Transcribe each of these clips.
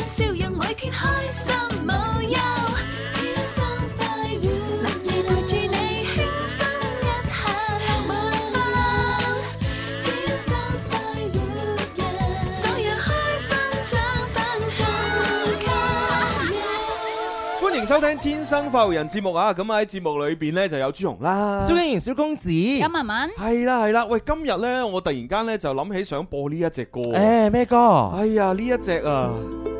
.想笑，讓每天開心無憂來，天生快活人。樂意陪住你輕鬆一下，滿分。天生快活人，想有開心長奔騰。歡迎收聽《天生快活人》節目啊！咁喺節目裏邊呢，就有豬紅啦、小敬堯、肖公子、金慢文慢。係啦係啦，喂，今日呢，我突然間呢，就諗起想播呢一隻歌誒，咩歌？哎呀，呢、哎、一隻啊，啊！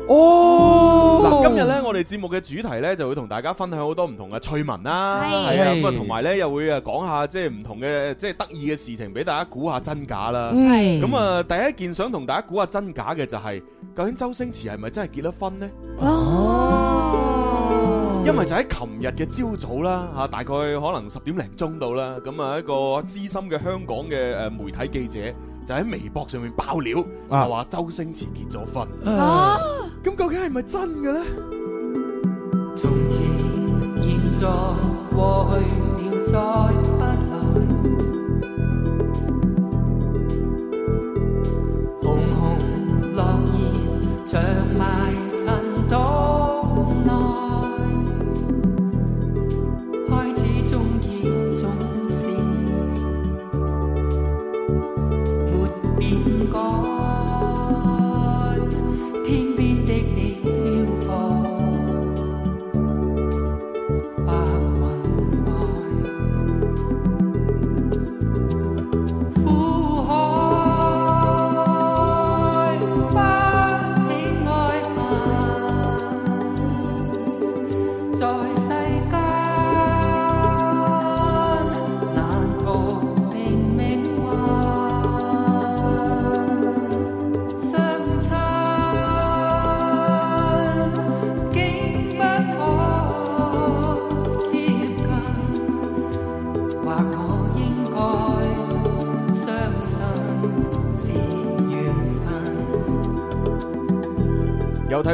哦，嗱，oh! 今日呢，我哋節目嘅主題呢，就會同大家分享好多唔同嘅趣聞啦，係 Yes. 啊，咁啊同埋呢，又會啊講下即係唔同嘅即係得意嘅事情俾大家估下真假啦，係 Yes.、嗯，咁啊第一件想同大家估下真假嘅就係、是、究竟周星馳係咪真係結咗婚呢？哦，oh! 因為就喺琴日嘅朝早啦，吓大概可能十點零鐘到啦，咁啊一個資深嘅香港嘅誒媒體記者。就喺微博上面爆料，啊、就話周星馳結咗婚。咁、啊、究竟係咪真嘅咧？從前現在過去了再不來。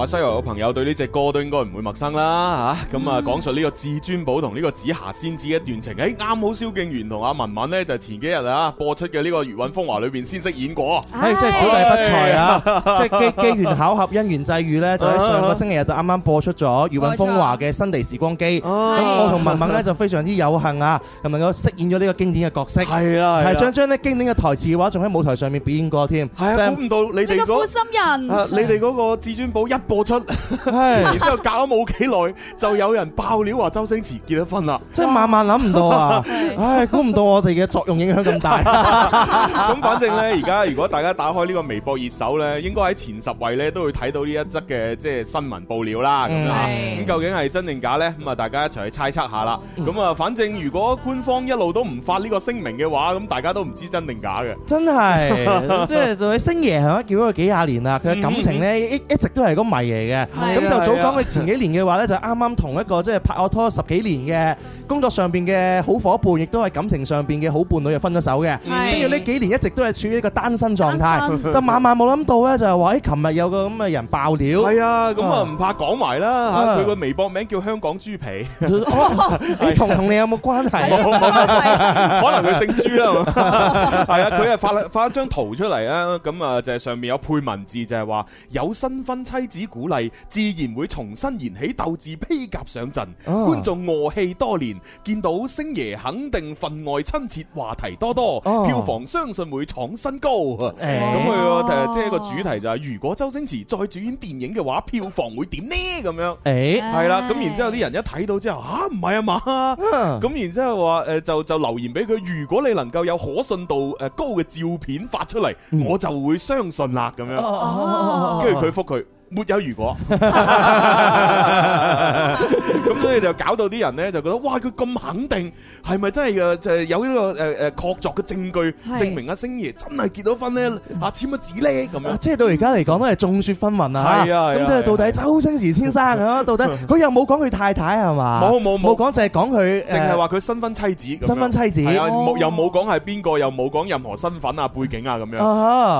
話西遊嘅朋友對呢隻歌都應該唔會陌生啦吓，咁啊講述呢個至尊寶同呢個紫霞仙子一段情，誒啱好蕭敬源同阿文文呢，就前幾日啊播出嘅呢個《餘韻風華》裏邊先飾演過，誒真係小弟不才啊，即係機緣巧合、因緣際遇呢，就喺上個星期日就啱啱播出咗《餘韻風華》嘅新地時光機。咁我同文文呢，就非常之有幸啊，同埋都飾演咗呢個經典嘅角色，係啊，係將將咧經典嘅台詞嘅話仲喺舞台上面表演過添，估唔到你哋嗰個負心人，你哋個至尊寶一。播出，係然之後搞咗冇幾耐就有人爆料話周星馳結咗婚啦，即係萬萬諗唔到啊！ 唉，估唔到我哋嘅作用影響咁大。咁 反正咧，而家如果大家打開呢個微博熱搜咧，應該喺前十位咧都會睇到呢一則嘅即係新聞報料啦。咁咁、mm. 究竟係真定假咧？咁啊，大家一齊去猜測下啦。咁啊，反正如果官方一路都唔發呢個聲明嘅話，咁大家都唔知真定假嘅。真係的，即係對星爺係咪叫咗佢幾廿年啦？佢嘅感情咧、mm. 一一直都係個係嘅，咁就早講。佢是、嗯、前幾年嘅話咧，就啱啱同一個，即係拍我拖十幾年嘅。 工作上邊嘅好伙伴，亦都係感情上邊嘅好伴侶就分咗手嘅。跟住呢幾年一直都係處於一個單身狀態，就晚晚冇諗到咧，就係話誒琴日有個咁嘅人爆料。係啊，咁啊唔怕講埋啦。佢個微博名叫香港豬皮。你同同你有冇關係？可能佢姓朱啦。係啊，佢係發發一張圖出嚟啊。咁啊就係上面有配文字，就係話有新婚妻子鼓勵，自然會重新燃起鬥志，披甲上陣。觀眾餓氣多年。見到星爺肯定分外親切，話題多多，oh. 票房相信會創新高。咁佢誒，即係個主題就係、是、如果周星馳再主演電影嘅話，票房會點呢？咁樣，係啦、oh.。咁然之後啲人一睇到之後，吓唔係啊嘛？咁、oh. 然之後話誒，就就留言俾佢，如果你能夠有可信度誒高嘅照片發出嚟，oh. 我就會相信啦。咁樣，跟住佢覆佢。沒有如果，咁所以就搞到啲人咧就覺得，哇！佢咁肯定，係咪真係誒就係有呢個誒誒確鑿嘅證據證明阿星爺真係結咗婚咧？啊簽個紙咧咁樣，即係到而家嚟講咧係眾說紛紜啊。啦啊，咁即係到底周星馳先生啊，到底佢又冇講佢太太係嘛？冇冇冇講淨係講佢，淨係話佢新婚妻子，新婚妻子，又冇講係邊個，又冇講任何身份啊背景啊咁樣，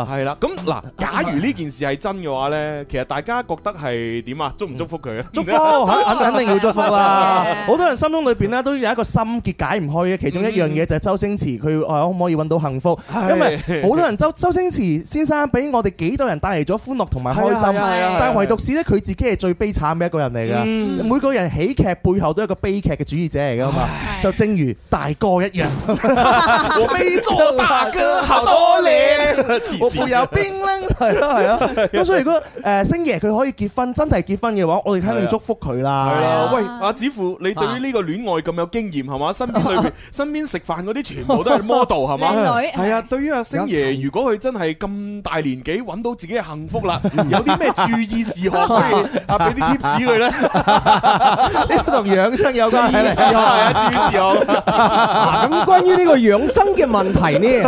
係啦。咁嗱，假如呢件事係真嘅話咧，其實大大家覺得係點啊？祝唔祝福佢啊？祝福嚇，肯定要祝福啦！好多人心中裏邊咧都有一個心結解唔開嘅，其中一樣嘢就係周星馳，佢可唔可以揾到幸福？因為好多人周周星馳先生俾我哋幾多人帶嚟咗歡樂同埋開心，但係唯獨是呢，佢自己係最悲慘嘅一個人嚟㗎。每個人喜劇背後都係一個悲劇嘅主義者嚟㗎嘛，就正如大哥一樣，我做大哥好多年，我沒有冰冷，係咯係啊。咁所以如果誒星。佢可以結婚，真係結婚嘅話，我哋肯定祝福佢啦。係啊，喂，阿紫賦，你對於呢個戀愛咁有經驗係嘛？身邊裏邊，身邊食飯嗰啲全部都係 model 係嘛？係啊，對於阿星爺，如果佢真係咁大年紀揾到自己嘅幸福啦，有啲咩注意事項可以啊？俾啲 tips 佢咧，呢度養生有啲咩注意事項？咁關於呢個養生嘅問題咧，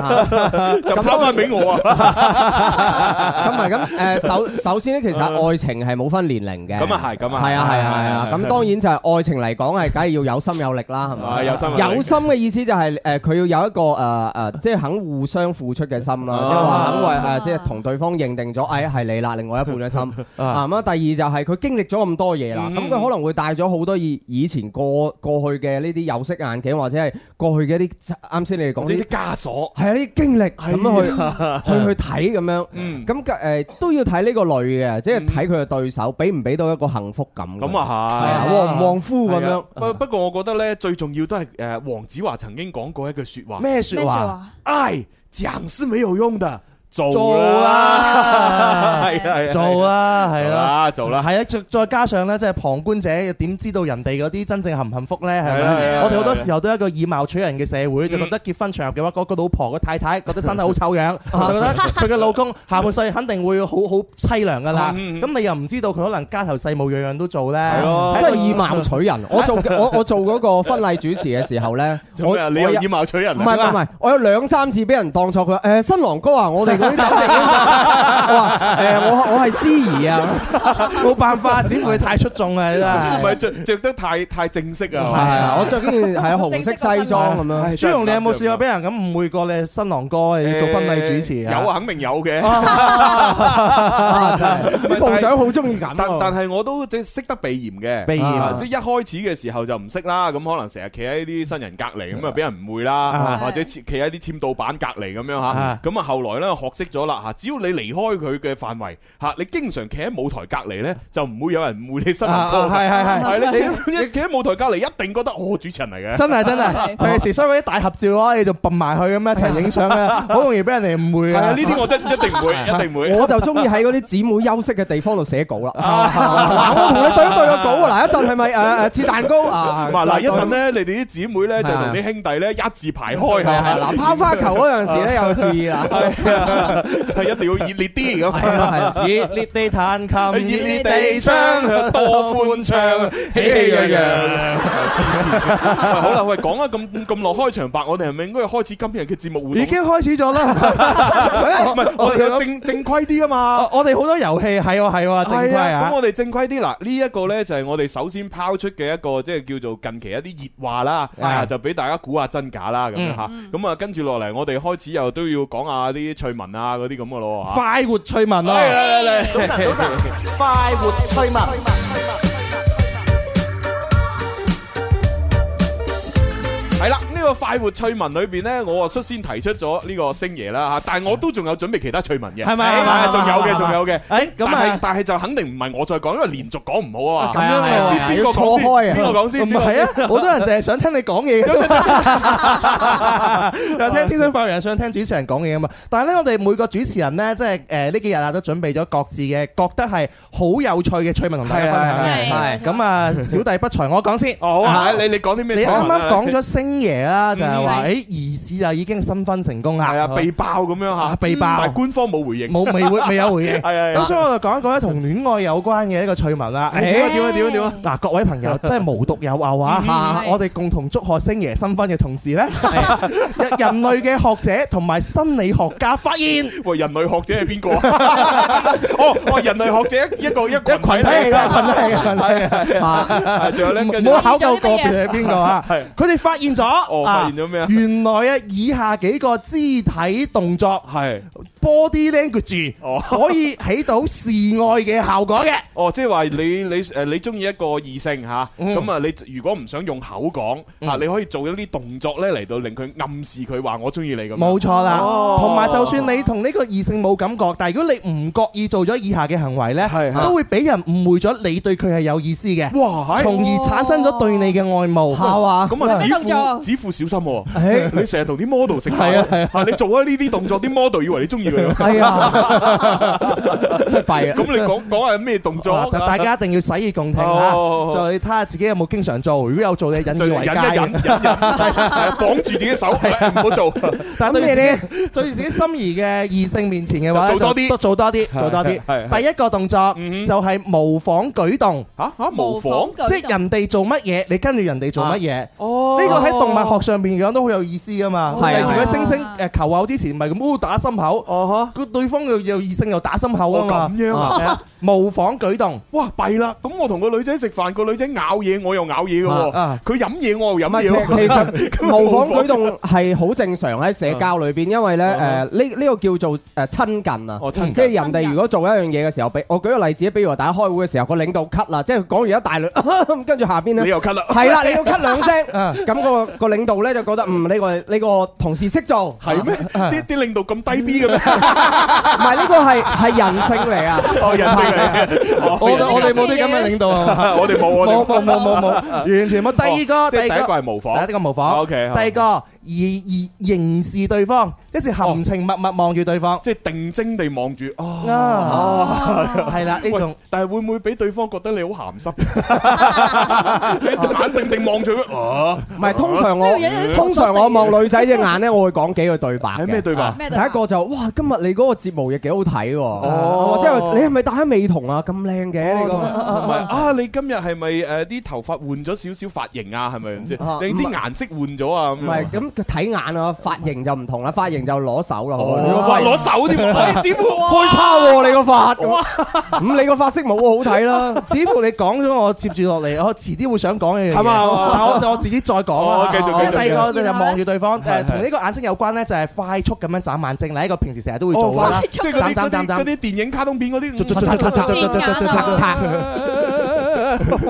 就交翻俾我啊。咁咪咁誒，首首先咧，其實。愛情係冇分年齡嘅，咁啊係，咁啊係啊係啊係啊，咁當然就係愛情嚟講係，梗係要有心有力啦，係嘛？有心有力有心嘅意思就係誒，佢要有一個誒誒，即係肯互相付出嘅心啦，即係話肯為誒，即係同對方認定咗，誒係你啦，另外一半嘅心。咁第二就係佢經歷咗咁多嘢啦，咁佢可能會帶咗好多以以前過過去嘅呢啲有色眼鏡，或者係過去嘅一啲啱先你哋講啲枷鎖，係啊，啲經歷，係咁去去去睇咁樣。咁誒都要睇呢個女嘅，即係。睇佢嘅對手俾唔俾到一個幸福感，咁啊係旺唔旺夫咁、啊、樣。不、啊、不過我覺得咧，最重要都係誒，黃子華曾經講過一句話說話，咩說話？唉、哎，講是沒有用的。做啦，係啊係啊，做啦，係咯，做啦，係啊，再加上咧，即係旁觀者又點知道人哋嗰啲真正幸唔幸福咧？係咪？我哋好多時候都係一個以貌取人嘅社會，就覺得結婚場合嘅話，個老婆個太太覺得身體好醜樣，就覺得佢嘅老公下半世肯定會好好淒涼噶啦。咁你又唔知道佢可能家頭細務樣樣都做咧，即係以貌取人。我做我我做嗰個婚禮主持嘅時候咧，我你有以貌取人，唔係唔係，我有兩三次俾人當錯佢，誒，新郎哥啊，我哋。佢就食啊！我話誒，我我係司儀啊，冇辦法，只會太出眾啊，真係唔係着着得太太正式啊！係啊，我着件係紅色西裝咁樣。豬紅，你有冇試過俾人咁誤會過你係新郎哥啊？做婚禮主持啊？有啊，肯定有嘅。啲部長好中意咁。但但係我都即係識得避嫌嘅。避嫌即係一開始嘅時候就唔識啦。咁可能成日企喺啲新人隔離咁啊，俾人誤會啦。或者企喺啲簽到板隔離咁樣吓。咁啊，後來咧學。識咗啦吓，只要你離開佢嘅範圍吓，你經常企喺舞台隔籬咧，就唔會有人誤會你身份。係係係，你你企喺舞台隔籬一定覺得哦，主持人嚟嘅。真係真係，平時所以嗰啲大合照啊，你就笨埋佢咁樣一齊影相啊，好容易俾人哋誤會啊。呢啲我真一定唔會，一定唔會。我就中意喺嗰啲姊妹休息嘅地方度寫稿啦。嗱，我同你對一對個稿啊，嗱，一陣係咪誒誒切蛋糕啊？唔係，嗱，一陣咧，你哋啲姊妹咧就同啲兄弟咧一字排開吓。嗱，拋花球嗰陣時咧有注意啦。係一定要熱烈啲咁，熱烈地彈琴，熱烈地唱，多歡唱，喜氣洋洋。黐線，好啦，喂，講咗咁咁耐，開場白，我哋係咪應該開始今日嘅節目活動？已經開始咗啦。唔係，我哋正正規啲噶嘛。我哋好多遊戲係喎，係喎，正規啊。咁我哋正規啲嗱，呢一個咧就係我哋首先拋出嘅一個，即係叫做近期一啲熱話啦，就俾大家估下真假啦咁樣嚇。咁啊，跟住落嚟，我哋開始又都要講下啲趣聞。啊！嗰啲咁嘅咯，快活趣聞咯，嚟嚟嚟！早晨早晨， 快活趣聞，係啦。呢個快活趣聞裏邊咧，我啊率先提出咗呢個星爺啦嚇，但係我都仲有準備其他趣聞嘅，係咪？係仲有嘅，仲有嘅。誒咁啊！但係就肯定唔係我再講，因為連續講唔好啊嘛。咁樣錯開啊，邊個講先？邊個講先？係啊！好多人淨係想聽你講嘢嘅，想聽天生快活人，想聽主持人講嘢啊嘛。但係咧，我哋每個主持人咧，即係誒呢幾日啊，都準備咗各自嘅覺得係好有趣嘅趣聞同大家分享嘅。係咁啊，小弟不才，我講先。好啊，你你講啲咩？你啱啱講咗星爺啊。啦，就係話，誒，疑似就已經新婚成功啦，係啊，被爆咁樣吓，被爆，官方冇回應，冇未會，未有回應，係係咁，所以我就講一個講一講咧，同戀愛有關嘅一個趣聞啦。點啊點點啊！嗱，各位朋友，真係無獨有偶啊！我哋共同祝賀星爺新婚嘅同時咧，人類嘅學者同埋心理學家發現，喂，人類學者係邊個啊？哦，喂，人類學者一個一群體，群體群體，仲有呢？唔考究個別係邊個啊！佢哋發現咗。啊！發現咗咩啊？原來咧，以下幾個肢體動作係 body language 可以起到示愛嘅效果嘅。哦，即係話你你誒你中意一個異性嚇，咁啊你如果唔想用口講啊，你可以做一啲動作咧嚟到令佢暗示佢話我中意你咁。冇錯啦，同埋就算你同呢個異性冇感覺，但係如果你唔覺意做咗以下嘅行為咧，都會俾人誤會咗你對佢係有意思嘅。哇！係，從而產生咗對你嘅愛慕。係嘛？咁啊，指指付。小心喎！你成日同啲 model 食飯，係啊係啊！你做吓呢啲動作，啲 model 以為你中意佢。係啊，真係弊啊！咁你講講下咩動作？大家一定要洗耳恭聽啦。再睇下自己有冇經常做。如果有做，你引以為戒。就忍一忍，忍一忍，係啊！綁住自己手，唔好做。但係咩咧？對住自己心儀嘅異性面前嘅話，做多啲，多做多啲，做多啲。係。第一個動作就係模仿舉動。嚇嚇模仿，即係人哋做乜嘢，你跟住人哋做乜嘢。哦。呢個喺動物學。上邊講都好有意思啊嘛，例如果星星誒、啊、求偶之前唔係咁打心口，個、哦、哈對方又又異性又打心口啊咁、哦、樣。 模仿舉動，哇弊啦！咁我同個女仔食飯，個女仔咬嘢，我又咬嘢㗎喎。佢飲嘢，我又飲乜嘢？其實模仿舉動係好正常喺社交裏邊，因為咧誒呢呢個叫做誒親近啊，即係人哋如果做一樣嘢嘅時候，畀我舉個例子，比如話大家開會嘅時候，個領導咳啦，即係講完一大輪，跟住下邊咧，你又咳啦，係啦，你又咳兩聲，咁個個領導咧就覺得嗯呢個呢個同事識做，係咩？啲啲領導咁低 B 嘅咩？唔係呢個係係人性嚟啊！哦，人性。 我哋冇啲咁嘅領導， 我哋冇， 我哋冇冇冇冇，完全冇。 第二個，第一個係模仿，第一個模仿，O K，第二個。而而凝視對方，即是含情脈脈望住對方，即係定睛地望住。啊啊，係啦呢種。但係會唔會俾對方覺得你好鹹濕？眼定定望住咩？哦，唔係，通常我通常我望女仔隻眼咧，我會講幾個對白嘅。咩對白？第一個就哇，今日你嗰個節目亦幾好睇喎。哦，即係你係咪戴咗美瞳啊？咁靚嘅呢個唔係啊？你今日係咪誒啲頭髮換咗少少髮型啊？係咪咁啫？定啲顏色換咗啊？唔係咁。睇眼啊，髮型就唔同啦，髮型就攞手啦，攞手啲唔只乎開叉你個髮咁，你個髮色冇好睇啦。似乎你講咗，我接住落嚟，我遲啲會想講嘅嘢，係嘛？但係我自己再講啦。因為第二個就望住對方，誒同呢個眼睛有關咧，就係快速咁樣眨眼症，你一個平時成日都會做啦，即係眨眨眨啲電影卡通片嗰啲。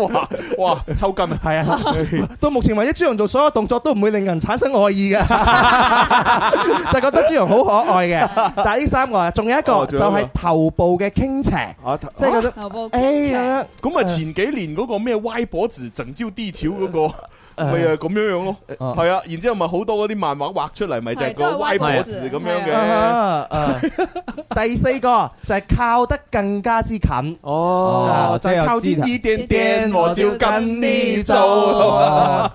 哇哇抽筋啊！係啊，到目前為止，朱羊做所有動作都唔會令人產生愛意嘅， 就係覺得朱羊好可愛嘅。 但係呢三個，仲有一個就係頭部嘅傾斜，即係嗰種頭部傾斜咁樣。啊、哎呀，前幾年嗰個咩歪脖子拯救地球嗰、那個。哎呀 咪啊，咁樣樣咯，係啊，然之後咪好多嗰啲漫畫畫出嚟，咪就係個歪模式咁樣嘅。第四個就係靠得更加之近哦，就靠啲啲，點點我照跟你做。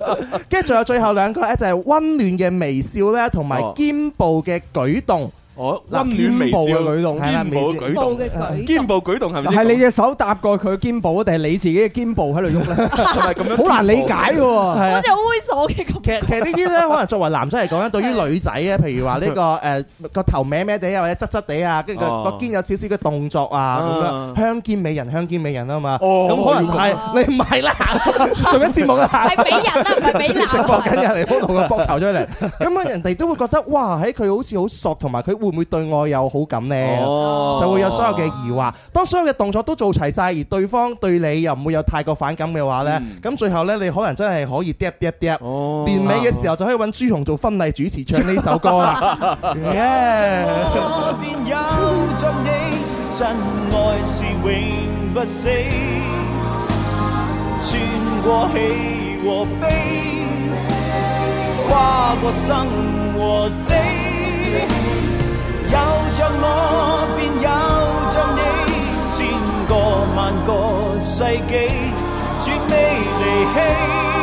跟住仲有最後兩個咧，就係溫暖嘅微笑咧，同埋肩部嘅舉動。我温暖微笑嘅舉動，肩部嘅舉動，肩部舉動係咪係你隻手搭過佢肩部，定係你自己嘅肩部喺度喐咧？係咁樣好難理解喎，好似猥瑣嘅感覺。其實其實呢啲咧，可能作為男仔嚟講咧，對於女仔咧，譬如話呢個誒個頭歪歪地啊，或者側側地啊，跟住個肩有少少嘅動作啊，咁樣香肩美人，香肩美人啊嘛。咁可能係你唔係啦，做緊節目啦，係俾人啊，唔係俾男。直播緊人哋嗰個膊頭出嚟，咁啊人哋都會覺得哇，喺佢好似好索，同埋佢。會唔會對我有好感呢？Oh, 就會有所有嘅疑惑。Oh. 當所有嘅動作都做齊晒，而對方對你又唔會有太過反感嘅話呢，咁、mm. 最後呢，你可能真係可以啲一啲一啲，年尾嘅時候就可以揾豬紅做婚禮主持唱呢首歌啦。有着我，便有着你，千個萬個世紀，絕未離棄。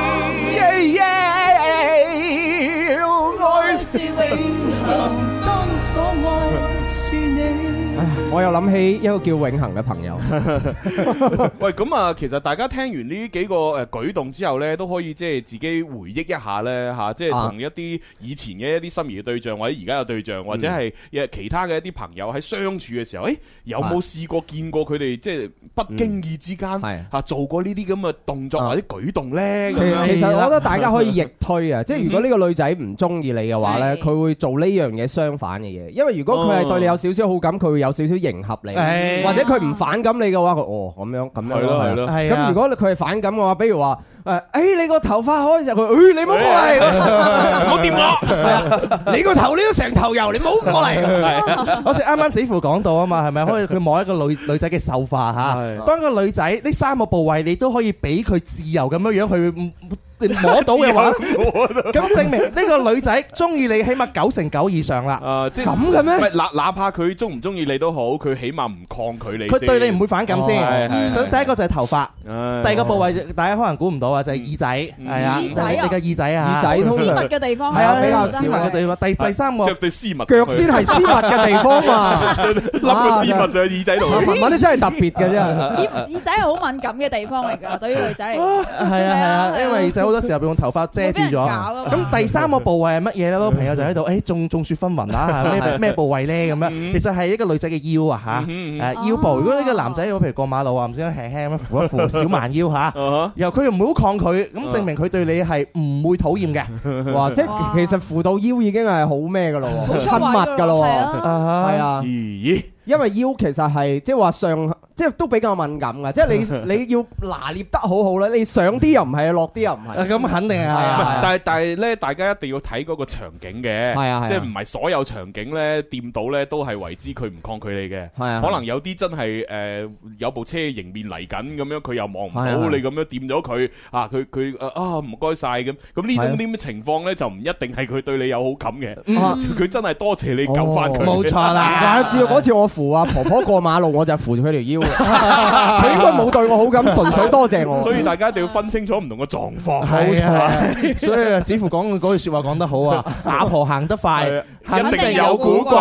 我又諗起一個叫永恆嘅朋友。 喂，咁啊，其實大家聽完呢幾個誒舉動之後呢，都可以即係自己回憶一下呢。吓，即係同一啲以前嘅一啲心儀嘅對象，或者而家嘅對象，或者係其他嘅一啲朋友喺相處嘅時候，誒、哎，有冇試過見過佢哋的即係不經意之間吓做過呢啲咁嘅動作的或者舉動呢？其實我覺得大家可以逆推啊， 即係如果呢個女仔唔中意你嘅話呢，佢的會做呢樣嘢相反嘅嘢，因為如果佢係對你有少少好感，佢會有少少。迎合你，或者佢唔反感你嘅話，佢哦咁樣咁樣。係咯，係咯，係咁了，如果佢係反感嘅話，比如話誒、欸，哎你個頭髮開實佢，誒你唔好過嚟，唔好掂我。你個 頭你都成頭油，你唔好過嚟。好似啱啱師傅講到啊嘛，係咪？可以佢摸一個女女仔嘅秀髮吓，當一個女仔呢三個部位，你都可以俾佢自由咁樣樣去摸到嘅話，咁證明呢個女仔中意你起碼九成九以上啦。啊，即係咁嘅咩？唔係，那哪怕佢中唔中意你都好，佢起碼唔抗拒你。佢對你唔會反感先。所以第一個就係頭髮，第二個部位大家可能估唔到啊，就係耳仔，係啊，耳仔啊，你嘅耳仔啊，耳仔私密嘅地方係啊，比較私密嘅地方。第第三個對絲襪腳先係私密嘅地方嘛，諗個私密就喺耳仔度。啊，啲真係特別嘅真係。耳耳仔係好敏感嘅地方嚟㗎，對於女仔嚟，係啊，因為耳仔。好多時候俾用頭髮遮住咗。咁第三個部位係乜嘢咧？朋友就喺度，誒，眾眾說紛紜啦，咩咩部位咧？咁樣其實係一個女仔嘅腰啊，嚇誒腰部。如果呢個男仔，譬如過馬路啊，唔知輕輕咁扶一扶小蠻腰嚇，然後佢又唔好抗拒，咁證明佢對你係唔會討厭嘅。哇！即係其實扶到腰已經係好咩嘅咯，好親密嘅咯，係啊。因為腰其實係即係話上，即係都比較敏感噶，即係你你要拿捏得好好咧，你上啲又唔係，落啲又唔係。咁肯定係，但係但係咧，大家一定要睇嗰個場景嘅，即係唔係所有場景咧掂到咧都係為之佢唔抗拒你嘅，可能有啲真係誒有部車迎面嚟緊咁樣，佢又望唔到你咁樣掂咗佢，啊佢佢啊唔該晒，咁，咁呢種啲咩情況咧就唔一定係佢對你有好感嘅，佢真係多謝你救翻佢。冇錯啦，但係至嗰次我。扶啊，婆婆過馬路，我就扶住佢條腰。佢 應該冇對我好感，純粹多謝我。 所以大家一定要分清楚唔同嘅狀況。冇錯， 所以啊，似乎講嗰句説話講得好啊，阿婆行得快，啊、肯定有古怪。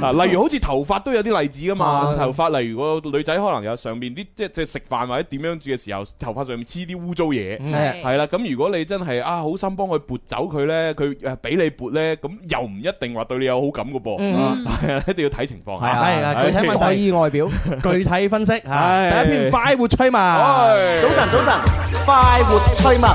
啊，例如好似頭髮都有啲例子㗎嘛，啊、頭髮例如個女仔可能有上面啲，即係即係食飯或者點樣住嘅時候，頭髮上面黐啲污糟嘢。係係啦，咁、啊啊、如果你真係啊好心幫佢撥走佢咧，佢誒俾你撥咧，咁又唔一定話對你有好感㗎噃。係啊、嗯， 一定要睇情況。係啊，具體問題外表，具體分析吓。第一篇快活趣聞，早晨早晨，快活趣聞。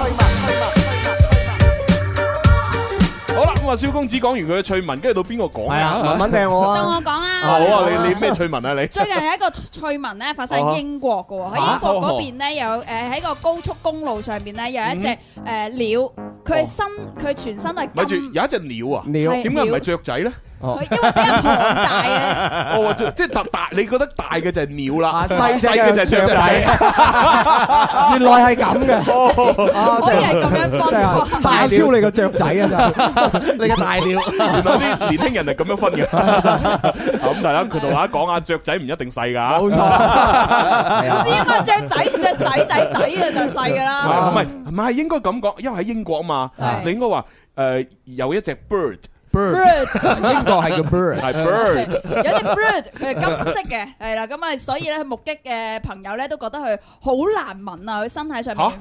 好啦，咁啊，蕭公子講完佢嘅趣聞，跟住到邊個講啊？慢慢聽我啊。到我講啊？好啊，你你咩趣聞啊？你最近有一個趣聞咧，發生喺英國嘅喎，喺英國嗰邊咧，有誒，喺個高速公路上面咧，有一隻誒鳥，佢身佢全身係金。住有一隻鳥啊？鳥點解唔係雀仔咧？因為啲人龐大啊！哦，即係特大，你覺得大嘅就係鳥啦，細細嘅就係雀仔。原來係咁嘅，哦，即係咁樣分，大超你個雀仔啊！你個大鳥原來啲年輕人係咁樣分嘅。咁係啦，佢同我講下雀仔唔一定細噶。冇錯，知啊嘛，雀仔雀仔仔仔啊，就細噶啦。唔係唔係，應該咁講，因為喺英國嘛，你應該話誒有一隻 bird。呢 bird，英國係叫 bird，係 bird，有啲 bird 係金色嘅，係啦，咁啊，所以咧目擊嘅朋友咧都覺得佢好難聞啊，佢身體上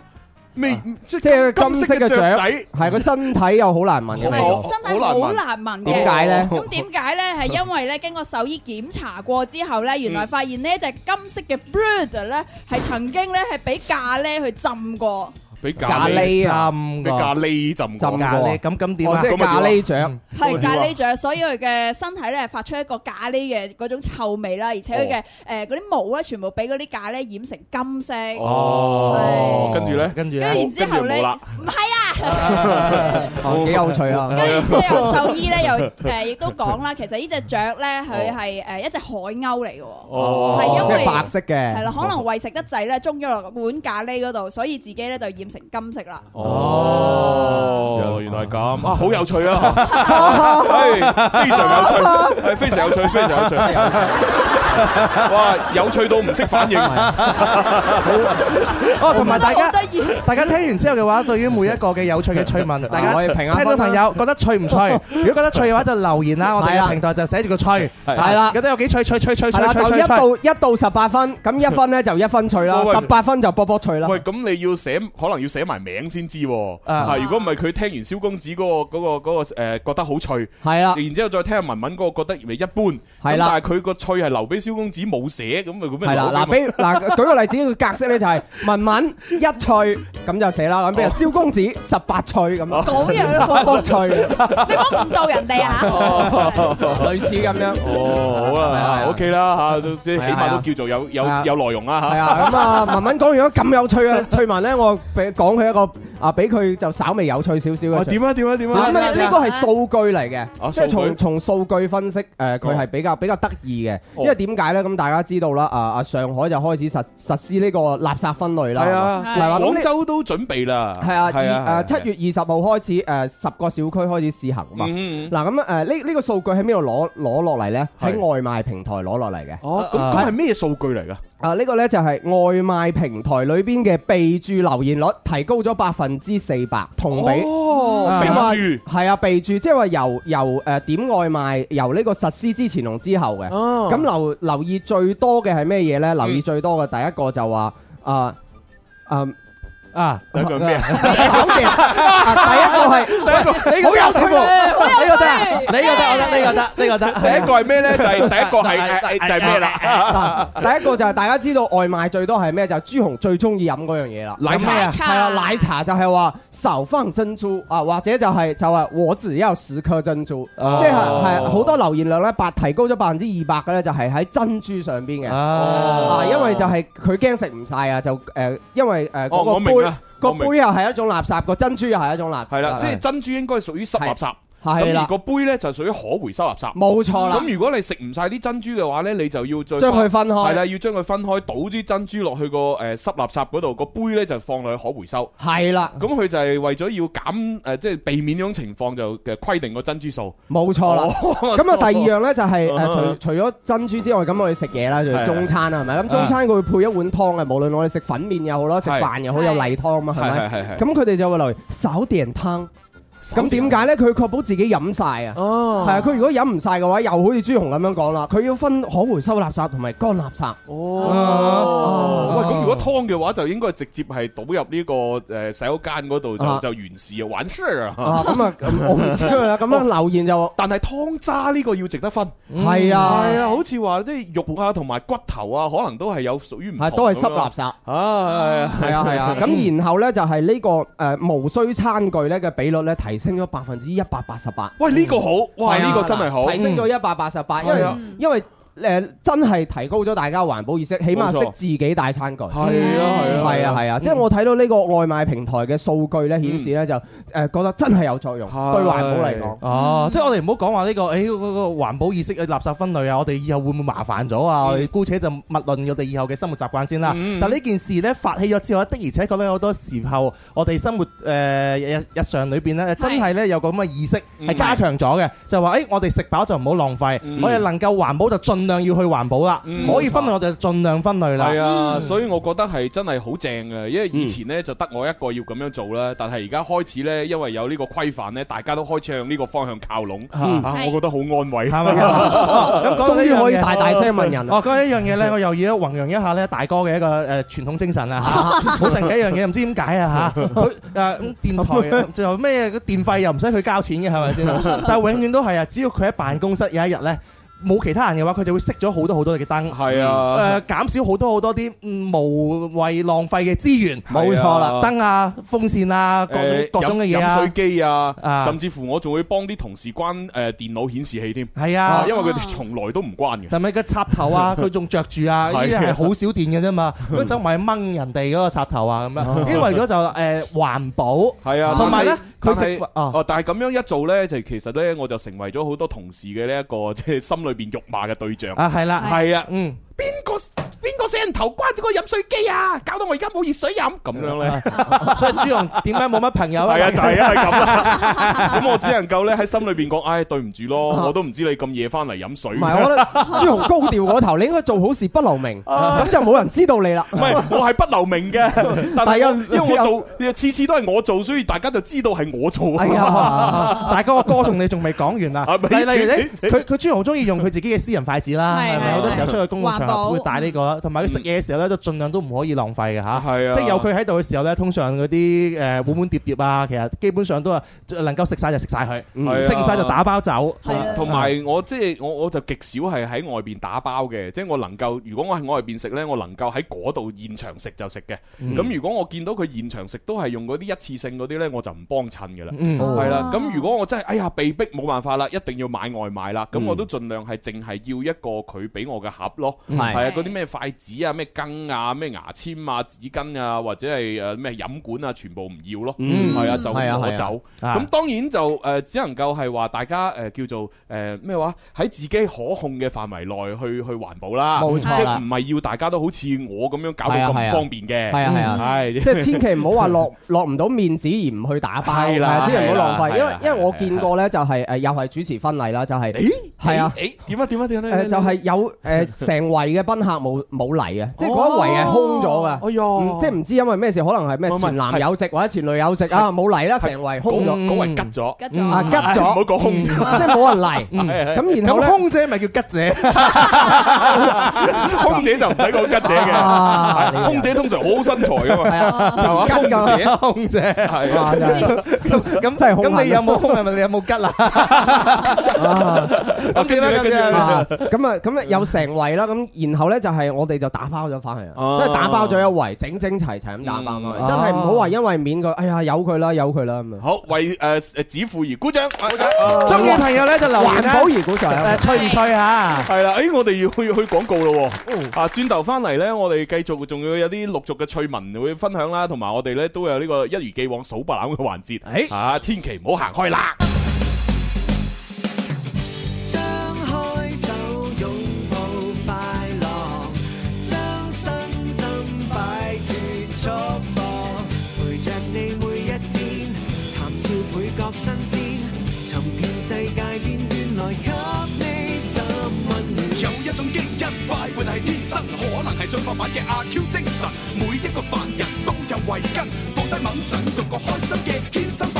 面，吓、啊，即係金，金色嘅雀仔，係個身體又好難聞好難、哦、聞，我身體好難聞，嘅。點解咧？咁點解咧？係因為咧，經過獸醫檢查過之後咧，原來發現呢隻金色嘅 bird 咧，係曾經咧係俾咖喱去浸過。俾咖喱浸嘅咖喱浸嘅，咁咁點啊？即係咖喱雀，係咖喱雀，所以佢嘅身體咧發出一個咖喱嘅嗰種臭味啦，而且佢嘅誒嗰啲毛咧全部俾嗰啲咖喱染成金色。哦，跟住咧，跟住咧，跟住之後咧，唔係啊，幾有趣啊！跟住之後，獸醫咧又誒亦都講啦，其實呢隻雀咧佢係誒一隻海鷗嚟嘅，係因為白色嘅，係啦，可能餵食得滯咧，中咗落碗咖喱嗰度，所以自己咧就染。成金色啦！哦，原來係咁啊，好有趣啊，係非常有趣，係非常有趣，非常有趣。哇！有趣到唔識反應。同埋大家，大家聽完之後嘅話，對於每一個嘅有趣嘅趣聞，大家可以評下聽到朋友覺得趣唔趣？如果覺得趣嘅話，就留言啦。我哋嘅平台就寫住個趣，係啦。覺得有幾趣，趣趣趣趣就一到一到十八分，咁一分呢，就一分脆啦，十八分就波波脆啦。喂，咁你要寫，可能要寫埋名先知。啊，如果唔係，佢聽完蕭公子個個個誒覺得好趣，係啦。然之後再聽下文文個覺得一般，係啦。但係佢個趣係留俾。肖公子冇寫咁咪佢咩？係啦，嗱，俾嗱舉個例子，個格式咧就係文文一翠咁就寫啦。咁譬如肖公子十八翠咁，咁樣國翠，你唔好誤導人哋啊！吓，類似咁樣。哦，好啦，OK 啦，吓即係起碼都叫做有有有內容啦。吓，係啊。咁啊，文文講完咁有趣嘅翠文咧，我俾講佢一個啊，俾佢就稍微有趣少少嘅。點啊？點啊？點啊？呢個係數據嚟嘅，即係從從數據分析，誒，佢係比較比較得意嘅，因為點？點解呢？咁大家知道啦。啊啊，上海就開始實實施呢個垃圾分類啦。係啊，嗱，廣州都準備啦。係啊，二誒七月二十號開始誒十個小區開始試行嘛。嗱，咁誒呢呢個數據喺邊度攞攞落嚟呢？喺外賣平台攞落嚟嘅。哦，咁係咩數據嚟㗎？啊，呢個呢，就係外賣平台裏邊嘅備註留言率提高咗百分之四百同比。備註係啊，備註即係話由由誒點外賣由呢個實施之前同之後嘅。咁留留意最多嘅係咩嘢呢？留意最多嘅第一個就話啊啊，呃呃啊，第一個咩啊？講第一個係第一個，你好有趣喎，呢個得你呢得，我覺得呢個得，呢個得。第一個係咩咧？就第一個係就係咩啦？第一個就係大家知道外賣最多係咩？就豬紅最中意飲嗰樣嘢啦。奶茶啊，奶茶就係話少放珍珠啊，或者就係就係我只有十粒珍珠，即係係好多留言量咧，百提高咗百分之二百嘅咧，就係喺珍珠上邊嘅。啊，因為就係佢驚食唔晒啊，就誒，因為誒嗰個個杯又係一種垃圾，個珍珠又係一種垃圾，係啦，即係珍珠應該屬於濕垃圾。咁而個杯咧就屬於可回收垃圾，冇錯啦。咁如果你食唔晒啲珍珠嘅話咧，你就要再將佢分開，係啦，要將佢分開，倒啲珍珠落去個誒濕垃圾嗰度，個杯咧就放落去可回收。係啦，咁佢就係為咗要減誒，即係避免呢種情況，就誒規定個珍珠數。冇錯啦。咁啊，第二樣咧就係誒，除除咗珍珠之外，咁我哋食嘢啦，就中餐啦，係咪？咁中餐佢會配一碗湯嘅，無論我哋食粉麵又好啦，食飯又好，有例湯吖嘛，係咪？咁佢哋就會嚟少啲人湯。咁點解咧？佢確保自己飲晒啊！哦，係啊！佢如果飲唔晒嘅話，又好似豬紅咁樣講啦。佢要分可回收垃圾同埋乾垃圾。哦，喂，咁如果湯嘅話，就應該直接係倒入呢個誒洗手間嗰度就就完事啊！玩 share 啊！咁啊，我唔知啦。咁樣留言就，但係湯渣呢個要值得分。係啊係啊，好似話即係肉啊同埋骨頭啊，可能都係有屬於唔係都係濕垃圾啊！係啊係啊，咁然後咧就係呢個誒無需餐具咧嘅比率咧提。提升咗百分之一百八十八，喂呢、這個好，嗯、哇呢、啊、個真係好，提升咗一百八十八，因為因為。誒真係提高咗大家環保意識，起碼識自己帶餐具。係啊係啊，係啊係啊，即係我睇到呢個外賣平台嘅數據咧，顯示咧就誒覺得真係有作用，對環保嚟講。哦，即係我哋唔好講話呢個誒嗰個環保意識嘅垃圾分類啊，我哋以後會唔會麻煩咗啊？姑且就勿論我哋以後嘅生活習慣先啦。但呢件事咧發起咗之後，的而且確咧好多時候，我哋生活誒日常裏邊咧，真係咧有個咁嘅意識係加強咗嘅，就話誒我哋食飽就唔好浪費，我哋能夠環保就盡。盡量要去環保啦，可以分類我就盡量分類啦。係啊，所以我覺得係真係好正嘅，因為以前咧就得我一個要咁樣做啦，但係而家開始咧，因為有呢個規範咧，大家都開始向呢個方向靠攏，我覺得好安慰。咁講呢樣嘢，終於可以大大聲問人。講呢樣嘢咧，我又要弘揚一下咧大哥嘅一個誒傳統精神啦。吓，好成幾樣嘢，唔知點解啊吓。佢誒咁電台最後咩嘢？電費又唔使佢交錢嘅係咪先？但係永遠都係啊，只要佢喺辦公室有一日咧。冇其他人嘅話，佢就會熄咗好多好多嘅燈。係啊，誒，減少好多好多啲無謂浪費嘅資源。冇錯啦，燈啊、風扇啊，各種各種嘅嘢，飲水機啊，甚至乎我仲會幫啲同事關誒電腦顯示器添。係啊，因為佢哋從來都唔關嘅。但係個插頭啊，佢仲着住啊，呢啲係好少電嘅啫嘛，佢走唔係掹人哋嗰個插頭啊，咁樣。因為咗就誒環保。係啊，同埋咧佢食哦，但係咁樣一做咧，就其實咧，我就成為咗好多同事嘅呢一個即係心裏邊辱罵嘅對象啊，係啦，係啊，嗯，邊個？死人頭關住個飲水機啊！搞到我而家冇熱水飲，咁樣咧，哈哈哈哈，所以朱紅點解冇乜朋友啊？係啊，就係咁啦。咁我只能夠咧喺心裏邊講，唉、哎，對唔住咯，我都唔知你咁夜翻嚟飲水。係、啊，我朱紅高調過頭，你應該做好事不留名，咁、啊啊、就冇人知道你啦。唔係，我係不留名嘅，但係因因為我做，次次都係我做，所以大家就知道係我做。係啊，大家個歌同你仲未講完啊。例例、啊、如你佢佢朱紅中意用佢自己嘅私人筷子啦，係咪好多時候出去公共場合會帶呢、這個、啊嗯或者食嘢嘅時候咧，就儘量都唔可以浪費嘅嚇，即係有佢喺度嘅時候咧，通常嗰啲誒碗碗碟碟啊，其實基本上都係能夠食曬就食曬佢，食唔曬就打包走。係啊，同埋我即係我我就極少係喺外邊打包嘅，即係我能夠如果我係我喺外邊食咧，我能夠喺嗰度現場食就食嘅。咁如果我見到佢現場食都係用嗰啲一次性嗰啲咧，我就唔幫襯嘅啦。係啦，咁如果我真係哎呀被逼冇辦法啦，一定要買外賣啦，咁我都儘量係淨係要一個佢俾我嘅盒咯，係啊，嗰啲咩快紙啊，咩羹啊，咩牙籤啊，紙巾啊，或者係誒咩飲管啊，全部唔要咯。嗯，係啊，就我走。咁當然就誒，只能夠係話大家誒叫做誒咩話喺自己可控嘅範圍內去去環保啦。冇錯即係唔係要大家都好似我咁樣搞到咁方便嘅。係啊係啊，即係千祈唔好話落落唔到面子而唔去打包。係啦，千祈唔好浪費，因為因為我見過咧就係誒又係主持婚禮啦，就係誒係啊，誒點啊點啊點咧，就係有誒成圍嘅賓客冇冇。冇嚟啊！即係嗰一圍啊，空咗噶。哎呀，即係唔知因為咩事，可能係咩前男友席或者前女友席啊，冇嚟啦，成圍空咗，嗰圍吉咗，吉咗，唔好講空，即係冇人嚟。咁然後咧，空姐咪叫吉姐，空姐就唔使講吉姐嘅。空姐通常好好身材噶嘛。係嘛，空姐，空姐係嘛。咁真係好。咁你有冇空？係咪你有冇吉啊？咁叫咩？咁啊，咁啊，有成圍啦。咁然後咧就係我哋。就打包咗翻去，啊、即係打包咗一圍，整整齊齊咁打包，嗯、真係唔好話因為免佢，哎呀，由佢啦，由佢啦咁。好為誒誒紫賦而鼓掌，中意朋友咧就留言啦、啊。環保而鼓掌，吹唔吹吓？係啦、啊，誒，我哋要去要去廣告咯，啊，轉頭翻嚟咧，我哋繼續，仲要有啲陸續嘅趣聞會分享啦，同埋我哋咧都有呢個一如既往數白欖嘅環節，吓、啊，千祈唔好行開啦。世界變，變來給你十蚊，有一種基因快活係天生，可能係進化版嘅阿 Q 精神，每一個凡人都有慧根，放低敏感做個開心嘅天生。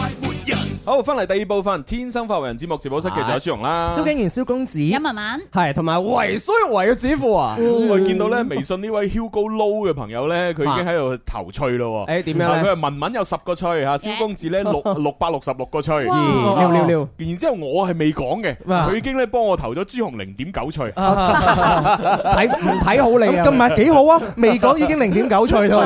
好，翻嚟第二部分《天生發為人》節目直播室，就係豬紅啦，蕭景然、肖公子、文文，係同埋唯需唯嘅紫賦啊！我見到咧，微信呢位 Hugo Lou 嘅朋友咧，佢已經喺度投翠咯。誒，點樣咧？佢係文文有十個翠吓，肖公子咧六六百六十六個翠，了了了。然之後我係未講嘅，佢已經咧幫我投咗豬紅零點九翠，睇唔睇好你啊？咁唔係幾好啊？未講已經零點九翠啦，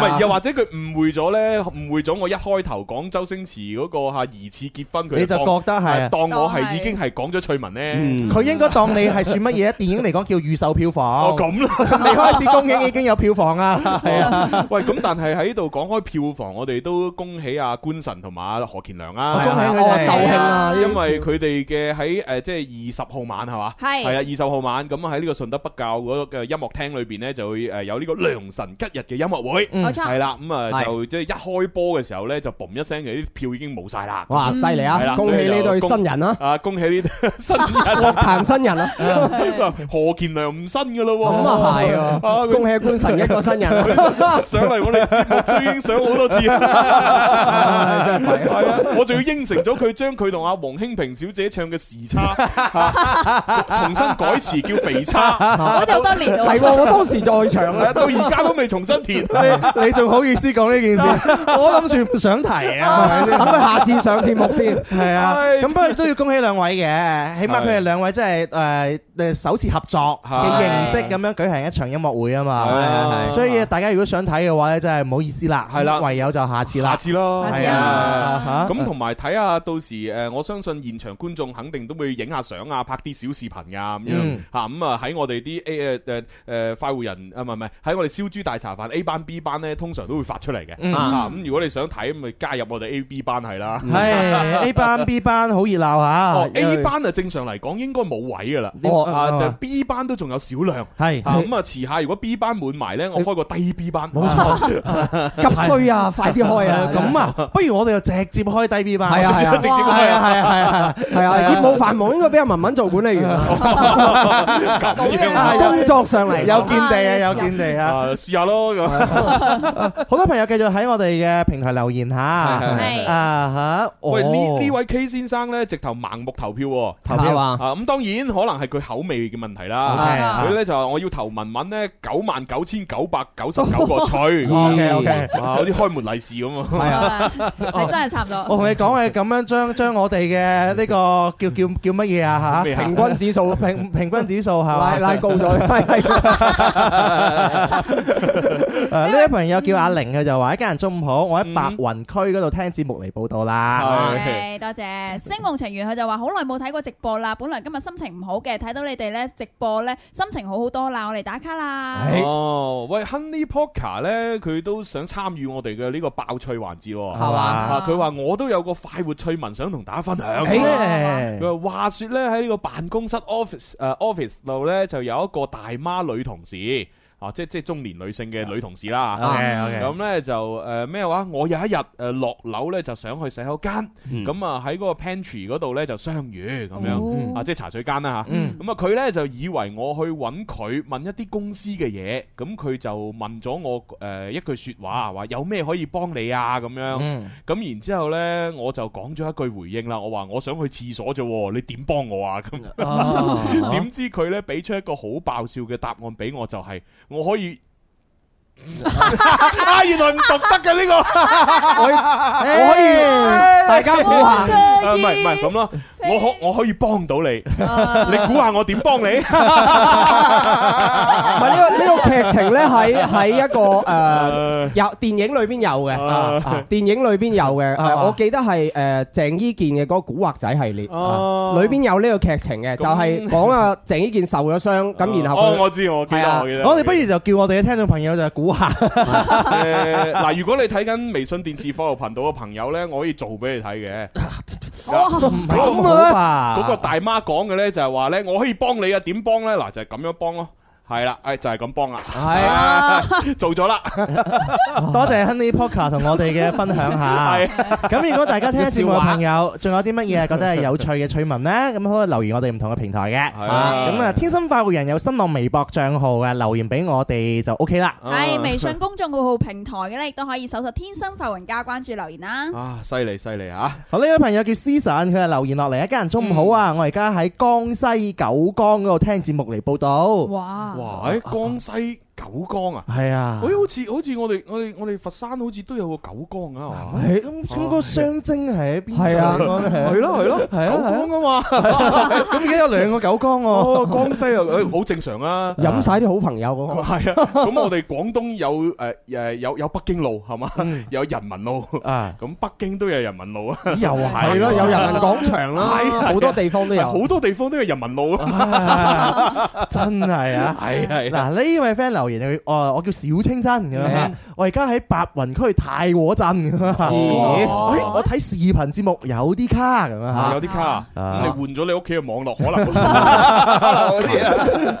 唔係又或者佢誤會咗咧？誤會咗我一開頭講周星馳嗰個吓。二次結婚佢你就覺得係啊？當我係已經係講咗趣聞咧，佢應該當你係算乜嘢啊？電影嚟講叫預售票房。哦咁啦，你開始公映已經有票房啊？係啊。喂，咁但係喺度講開票房，我哋都恭喜阿官神同埋何乾良啊！我恭喜佢哋啊，因為佢哋嘅喺誒即係二十號晚係嘛？係。係啊，二十號晚咁喺呢個順德北滘嗰嘅音樂廳裏邊咧，就會誒有呢個良辰吉日嘅音樂會。冇錯。係啦，咁啊就即係一開波嘅時候咧，就嘣一聲嘅啲票已經冇曬啦。哇！犀利啊！恭喜呢對新人啦！啊，恭喜呢對新談新人啊！何建良唔新噶咯？咁啊係啊！恭喜官神一個新人上嚟，我哋節目都已經上好多次。係啊！我仲要應承咗佢，將佢同阿黃興平小姐唱嘅《時差》，重新改詞叫肥差。好似好多年係，我當時在場，到而家都未重新填。你你仲好意思講呢件事？我諗住唔想提啊！咁啊，下次上。上節目先，係 啊，咁不過都要恭喜兩位嘅，起碼佢哋兩位真係。誒、呃。首次合作嘅形式咁樣舉行一場音樂會啊嘛，嗎所以大家如果想睇嘅話咧，真係唔好意思啦，係啦，唯有就下次啦，下次咯，係啊，咁同埋睇下到時誒，我相信現場觀眾肯定都會影下相啊，拍啲小視頻㗎咁樣嚇，咁啊喺我哋啲 A 誒誒誒快活人啊，唔係唔係喺我哋燒豬大茶飯 A 班 B 班咧，通常都會發出嚟嘅，咁如果你想睇，咪加入我哋 A B 班係啦，係、嗯、A 班 McMahon B 班好熱鬧嚇、啊、因，A 班啊正常嚟講應該冇位㗎啦。啊，就 B 班都仲有少量，係咁啊！遲下如果 B 班滿埋咧，我開個低 B 班，冇錯，急需啊！快啲開啊！咁啊，不如我哋就直接開低 B 班，係啊，直接開啊，係啊，係啊，係啊，業務繁忙應該俾阿文文做管理員，工作上嚟，有見地啊，有見地啊，試下咯咁。好多朋友繼續喺我哋嘅平台留言吓，啊，好喂，呢呢位 K 先生咧，直頭盲目投票，投票啊，咁當然可能係佢后。口味嘅問題啦，佢咧就話我要投文文咧九萬九千九百九十九個吹，有啲開門利是咁啊！係真係差唔多。我同你講係咁樣將將我哋嘅呢個叫叫叫乜嘢啊嚇？平均指數，平平均指數係嘛？拉高咗，拉高咗。誒，呢位朋友叫阿玲，佢就話：一家人中午好，我喺白雲區嗰度聽節目嚟報道啦。係，多謝。星夢情緣佢就話：好耐冇睇過直播啦，本來今日心情唔好嘅，睇到你哋咧直播咧，心情好好多啦，我嚟打卡啦。欸、哦，喂，Honey Poker 咧，佢都想參與我哋嘅呢個爆趣環節、哦，係嘛吧？佢話、啊、我都有個快活趣聞想同大家分享、啊。佢話、欸啊、話說咧喺呢個辦公室 office,、uh, office 誒 office 度咧就有一個大媽女同事。啊，即即中年女性嘅女同事啦，咁呢、yeah. Okay , okay. 嗯、就誒咩、呃、話？我有一日誒落樓呢，呃、樓就想去洗手間，咁、mm. 啊喺嗰個 pantry 嗰度呢，就相遇咁樣，mm. 啊即茶水間啦吓，咁啊佢、mm. 嗯、呢就以為我去揾佢問一啲公司嘅嘢，咁佢就問咗我誒、呃、一句話說話啊話有咩可以幫你啊咁樣，咁、mm. 然之後咧我就講咗一句回應啦，我話我想去廁所啫，你點幫我啊咁？點、oh. 知佢呢，俾出一個好爆笑嘅答案俾我，就係、是。我可以。啊！原來唔讀得嘅呢個，我可以，大家估下，唔係唔係咁咯，我可我可以幫到你，你估下我點幫你？唔係呢個呢個劇情咧喺喺一個誒有電影裏邊有嘅，電影裏邊有嘅，我記得係誒鄭伊健嘅嗰個古惑仔系列，裏邊有呢個劇情嘅，就係講阿鄭伊健受咗傷，咁然後，我我知我記得我嘅，我哋不如就叫我哋嘅聽眾朋友就估。好啊！嗱、 呃，如果你睇緊微信電視服務頻道嘅朋友咧，我可以做俾你睇嘅，唔係咁好吧？嗰個大媽講嘅咧就係話咧，我可以幫你啊，點幫咧？嗱，就係、是、咁樣幫咯。係啦，誒，就係咁幫啊，係啊，做咗啦，多謝 Honey Poker 同我哋嘅分享吓。咁 如果大家聽節目嘅朋友，仲有啲乜嘢覺得係有趣嘅趣聞呢？咁可以留言我哋唔同嘅平台嘅。咁啊， 天生快活人有新浪微博賬號嘅留言俾我哋就 OK 啦。係微信公眾號平台嘅，你亦都可以搜索天生快活人加關注留言啦。啊，犀利犀利吓！啊、好，呢位朋友叫思慎，佢係留言落嚟，一家人中午好啊！我而家喺江西九江嗰度聽節目嚟報道。哇！哇！誒、欸，江、啊、西。啊啊。九江啊，係啊，好似好似我哋我哋我哋佛山好似都有個九江噶，係嘛？咁嗰個雙蒸喺邊度？係啊，係咯係咯，係啊，九江啊嘛，咁而家有兩個九江喎。江西又好正常啦，飲曬啲好朋友咁啊。係啊，咁我哋廣東有誒誒有有北京路係嘛？有人民路啊，咁北京都有人民路啊。又係係咯，有人民廣場啦，好多地方都有，好多地方都有人民路啊，真係啊，係係嗱呢位 friend 流。哦，我叫小青山咁啊！我而家喺白雲區太和鎮咁啊！我睇視頻節目有啲卡咁啊！有啲卡啊！咁你換咗你屋企嘅網絡可能？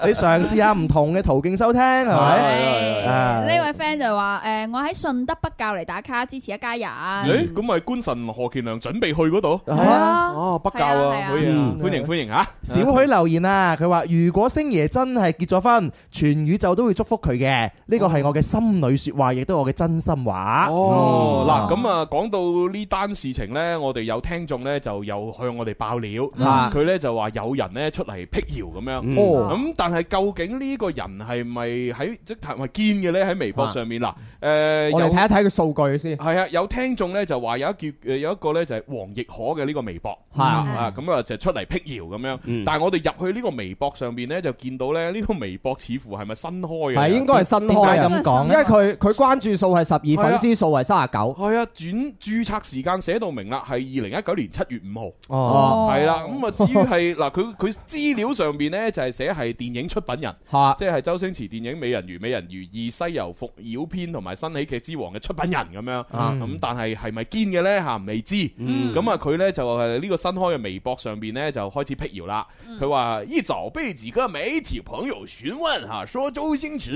你嘗試下唔同嘅途徑收聽係咪？呢位 friend 就話：誒，我喺順德北滘嚟打卡，支持一家人。誒，咁咪官神何建良準備去嗰度？係啊！哦，北滘啊，歡迎歡迎歡迎吓！小許留言啊，佢話：如果星爺真係結咗婚，全宇宙都會祝福。佢嘅呢個係我嘅心裏說話，亦都我嘅真心話。哦，嗱咁啊，講到呢單事情咧，我哋有聽眾咧，就又向我哋爆料，佢咧就話有人咧出嚟闢謠咁樣。哦，咁但係究竟呢個人係咪喺即係咪堅嘅咧？喺微博上面嗱，誒，我嚟睇一睇佢數據先。係啊，有聽眾咧就話有一叫有一個咧就係王奕可嘅呢個微博，係啊，咁啊就出嚟闢謠咁樣。但係我哋入去呢個微博上面咧，就見到咧呢個微博似乎係咪新開嘅？係應該係新開咁講，為因為佢佢關注數係十二，粉絲數係卅九。係啊，轉註冊時間寫到明啦，係二零一九年七月五號。哦，係啦。咁啊，至於係嗱，佢佢資料上邊呢就係、係、寫係電影出品人，即係周星馳電影《美人魚》、《美人魚二西遊伏妖篇》同埋《新喜劇之王》嘅出品人咁樣。咁、啊嗯嗯、但係係咪堅嘅呢？嚇？未知。咁啊、嗯，佢呢、嗯、就係呢個新開嘅微博上邊呢，就開始辟謠啦。佢話：一早被幾個媒體朋友詢問嚇，說周星馳。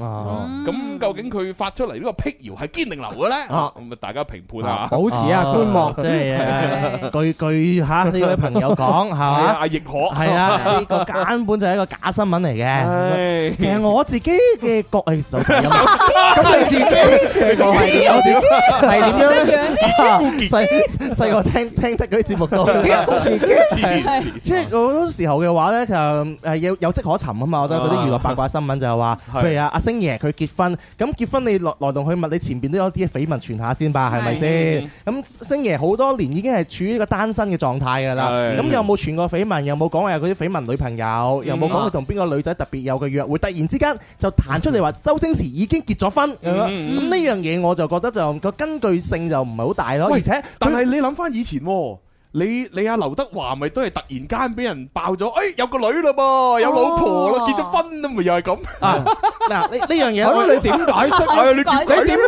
哦，咁究竟佢發出嚟呢個闢謠係堅定流嘅咧？啊，咁咪大家評判下，保持啊觀望，真係啊！據據吓呢位朋友講，吓阿易可係啦，呢個根本就係一個假新聞嚟嘅。其實我自己嘅覺就咁你自己，你講係點？係點樣？細細個聽聽得嗰啲節目多，係啊，即係好多時候嘅話咧，就誒有有跡可尋啊嘛。我覺得嗰啲娛樂八卦新聞就係話，譬如啊。星爺佢結婚，咁結婚你來來龍去脈，你前邊都有啲緋聞傳下先吧，係咪先？咁 星爺好多年已經係處於一個單身嘅狀態噶啦，咁 又冇傳過緋聞？又冇講話有嗰啲緋聞女朋友，又冇講佢同邊個女仔特別有個約會，突然之間就彈出嚟話周星馳已經結咗婚咁樣，咁呢樣嘢我就覺得就個根據性就唔係好大咯。喂而且，但係你諗翻，以前，你你阿劉德華咪都係突然間俾人爆咗，誒有個女咯噃，有老婆咯，結咗婚都咪又係咁啊？嗱呢呢樣嘢，你點解釋？你點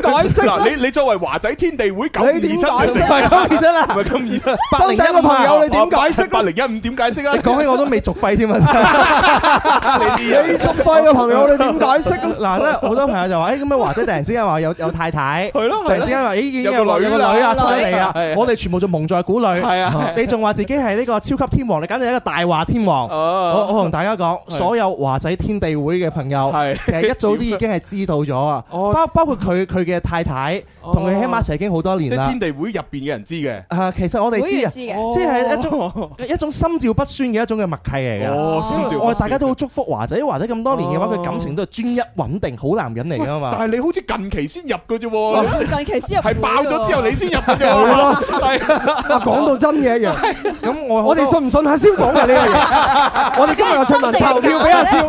解釋？嗱你你作為華仔天地會咁二七嘅成員，係咪咁二七？八零一個朋友，你點解釋？八零一五點解釋啊？講起我都未續費添啊！未續費嘅朋友，你點解釋？嗱咧，好多朋友就話：誒咁樣華仔突然之間話有有太太，係咯？突然之間話：誒有個女個女啊，出嚟啊！我哋全部就蒙在鼓裏，係啊！你仲話自己係呢個超級天王，你簡直係一個大話天王。我我同大家講，所有華仔天地會嘅朋友，其實一早都已經係知道咗啊！包包括佢佢嘅太太，同佢起碼已經好多年啦。天地會入邊嘅人知嘅。啊，其實我哋知嘅，即係一種一種心照不宣嘅一種嘅默契嚟嘅。我大家都好祝福華仔。華仔咁多年嘅話，佢感情都係專一穩定，好男人嚟噶嘛。但係你好似近期先入嘅啫喎。近期先入係爆咗之後，你先入嘅啫。講到真。一樣咁我我哋信唔信阿蕭講嘅呢樣？我哋今日又出埋投票俾阿蕭，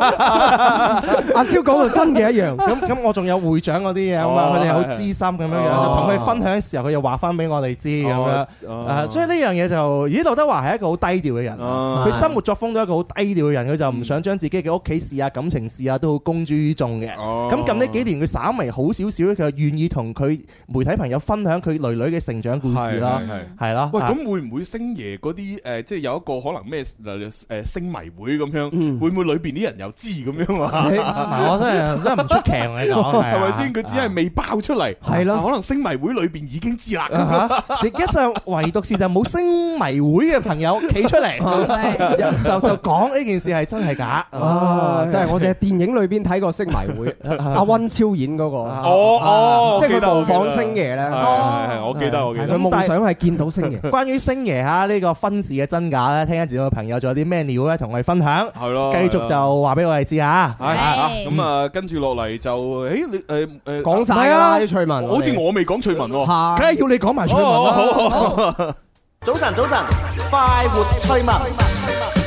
阿蕭講同真嘅一樣。咁咁我仲有會長嗰啲嘢咁嘛，佢哋好知心咁樣樣，同佢分享嘅時候，佢又話翻俾我哋知咁樣。所以呢樣嘢就咦，劉德華係一個好低調嘅人，佢生活作風都係一個好低調嘅人，佢就唔想將自己嘅屋企事啊、感情事啊都公諸於眾嘅。咁近呢幾年佢稍微好少少，佢又願意同佢媒體朋友分享佢囡囡嘅成長故事啦，係咯。喂，咁會唔會？星爺嗰啲誒，即係有一個可能咩誒星迷會咁樣，會唔會裏邊啲人又知咁樣啊？嗱，我真係真唔出奇，你講係咪先？佢只係未爆出嚟，係咯？可能星迷會裏邊已經知啦。就一就唯獨是就冇星迷會嘅朋友企出嚟，就就講呢件事係真係假。哦，即係我淨係電影裏邊睇過星迷會，阿温超演嗰個。哦哦，即係佢模仿星爺咧。哦，我記得，我記得。佢夢想係見到星爺。關於星爺。吓呢個分事嘅真假咧，聽下自己嘅朋友仲有啲咩料咧，同我哋分享。係咯，繼續就話俾我哋知吓。係啊，咁啊，跟住落嚟就，誒，你誒誒，講晒啦，趣聞，好似我未講趣聞，係，梗係要你講埋趣聞啦。早晨，早晨，快活趣聞。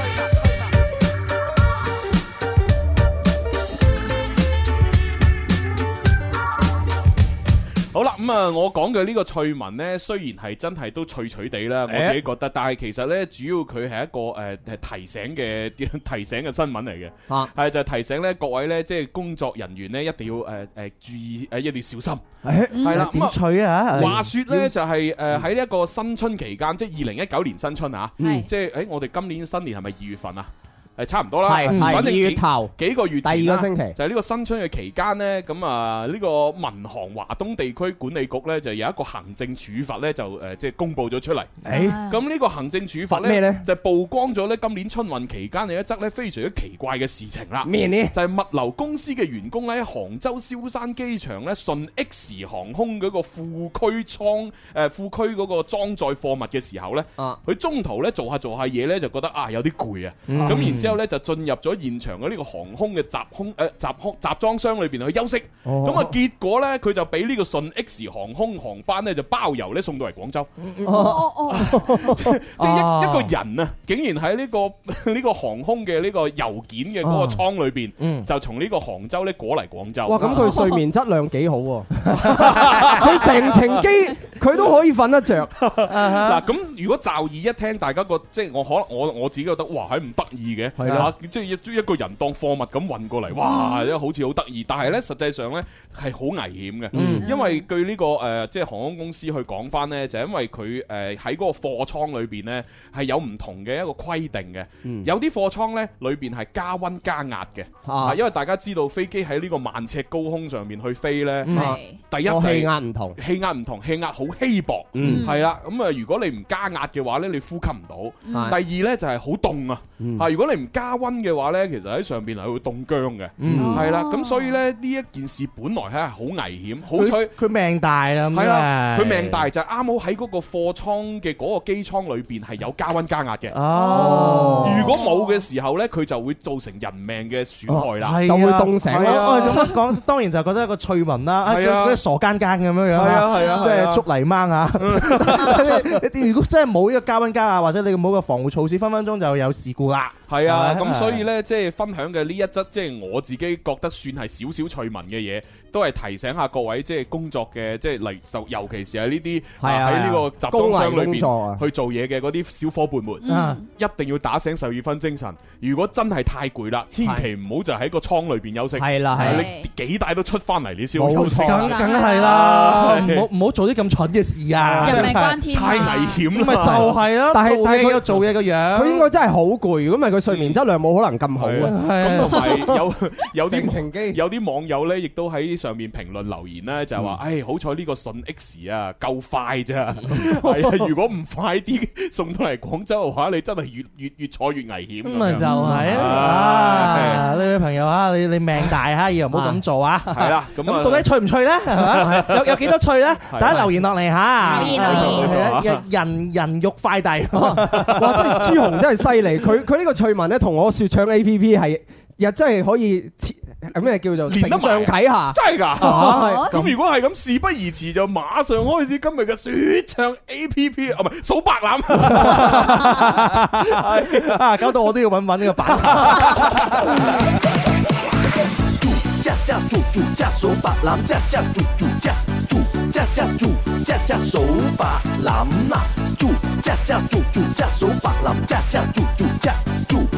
好啦，咁、嗯、啊，我講嘅呢個趣聞呢，雖然係真係都趣趣地啦，欸、我自己覺得，但係其實呢，主要佢係一個誒、呃、提醒嘅提醒嘅新聞嚟嘅，係、啊嗯、就係、是、提醒呢各位呢，即、就、係、是、工作人員呢，一定要誒誒、呃呃、注意誒，一定要小心。係啦，點趣啊？話說呢，嗯、就係誒喺呢一個新春期間，即係二零一九年新春啊，即係誒我哋今年新年係咪二月份啊？係差唔多啦，係是反正月頭幾個月，啊、第二個星期就係呢個新春嘅期間呢，咁啊呢，這個民航華東地區管理局呢，就有一個行政處罰呢，就誒即係公佈咗出嚟。誒、欸，咁呢、啊、個行政處罰呢，呢就曝光咗呢今年春運期間有一則咧非常之奇怪嘅事情啦。咩咧？就係物流公司嘅員工喺杭州蕭山機場呢，順 X 航空嗰個副區倉誒副、呃、區嗰個裝載貨物嘅時候呢，佢、啊、中途呢做下做下嘢呢，就覺得啊有啲攰啊，咁然之後。之後咧就進入咗現場嘅呢個航空嘅集空誒集空集裝箱裏邊去休息。咁啊結果咧佢就俾呢個順 X 航空航班咧就包郵咧送到嚟廣州。哦，即係一一個人啊，竟然喺呢個呢個航空嘅呢個郵件嘅嗰個倉裏邊，就從呢個杭州咧過嚟廣州。哇！咁佢睡眠質量幾好喎？佢成程機佢都可以瞓得着。嗱，咁如果驟耳一聽，大家個即係我可能我我自己覺得哇，係唔得意嘅。係啦，即係要即一個人當貨物咁運過嚟，哇，好似好得意，但係咧，實際上咧，係好危險嘅，因為據呢個誒，即係航空公司去講返呢，就因為佢誒喺嗰個貨艙裏邊呢係有唔同嘅一個規定嘅，有啲貨艙呢裏邊係加温加壓嘅，因為大家知道飛機喺呢個萬尺高空上面去飛呢，第一係氣壓唔同，氣壓唔同，氣壓好稀薄，係啦，咁啊，如果你唔加壓嘅話呢，你呼吸唔到；第二呢，就係好凍啊，嚇！如果你唔加温嘅話呢，其實喺上邊係會凍僵嘅，係啦，咁所以呢，呢一件事本來。係啊，好危險！好彩佢命大啦，係啦，佢命大就係啱好喺嗰個貨倉嘅嗰個機倉裏邊係有加温加壓嘅。哦，如果冇嘅時候咧，佢就會造成人命嘅損害啦，就會凍死啦。我哋咁樣講當然就覺得一個趣聞啦，啊，佢傻更更咁樣樣，係啊係啊，即係捉泥蜢啊！如果真係冇呢個加温加壓，或者你冇個防護措施，分分鐘就有事故啦。係啊，咁所以咧，即係分享嘅呢一則，即係我自己覺得算係少少趣聞嘅嘢。都係提醒下各位，即係工作嘅，即係嚟就，尤其是係呢啲喺呢個集裝箱裏邊去做嘢嘅嗰啲小伙伴們，一定要打醒十二分精神。如果真係太攰啦，千祈唔好就喺個倉裏邊休息。係啦，係你幾大都出翻嚟，你先休息，梗係啦，唔好唔好做啲咁蠢嘅事啊！人命關天，太危險啦！咪就係咯，但係睇佢做嘢嘅樣，佢應該真係好攰。如果唔係佢睡眠質量冇可能咁好啊。咁又係有有啲有啲網友咧，亦都喺。上面評論留言咧，就係話，唉，好彩呢個信 X 啊，夠快啫。係啊，如果唔快啲送到嚟廣州嘅話，你真係越越越坐越危險。咁啊，就係啊，呢位朋友啊，你你命大吓，以後唔好咁做啊。係啦，咁到底脆唔脆咧？有有幾多脆咧？大家留言落嚟吓。留言留言。人人肉快遞，哇！真係豬紅真係犀利。佢佢呢個脆文咧，同我說唱 A P P 係，又真係可以切。咩叫做連登上睇下？下真係噶！咁、啊、 如果係咁，事不宜遲，就馬上開始今日嘅說唱 A P P 啊！唔係數白欖， 啊搞到我都要揾揾呢個板。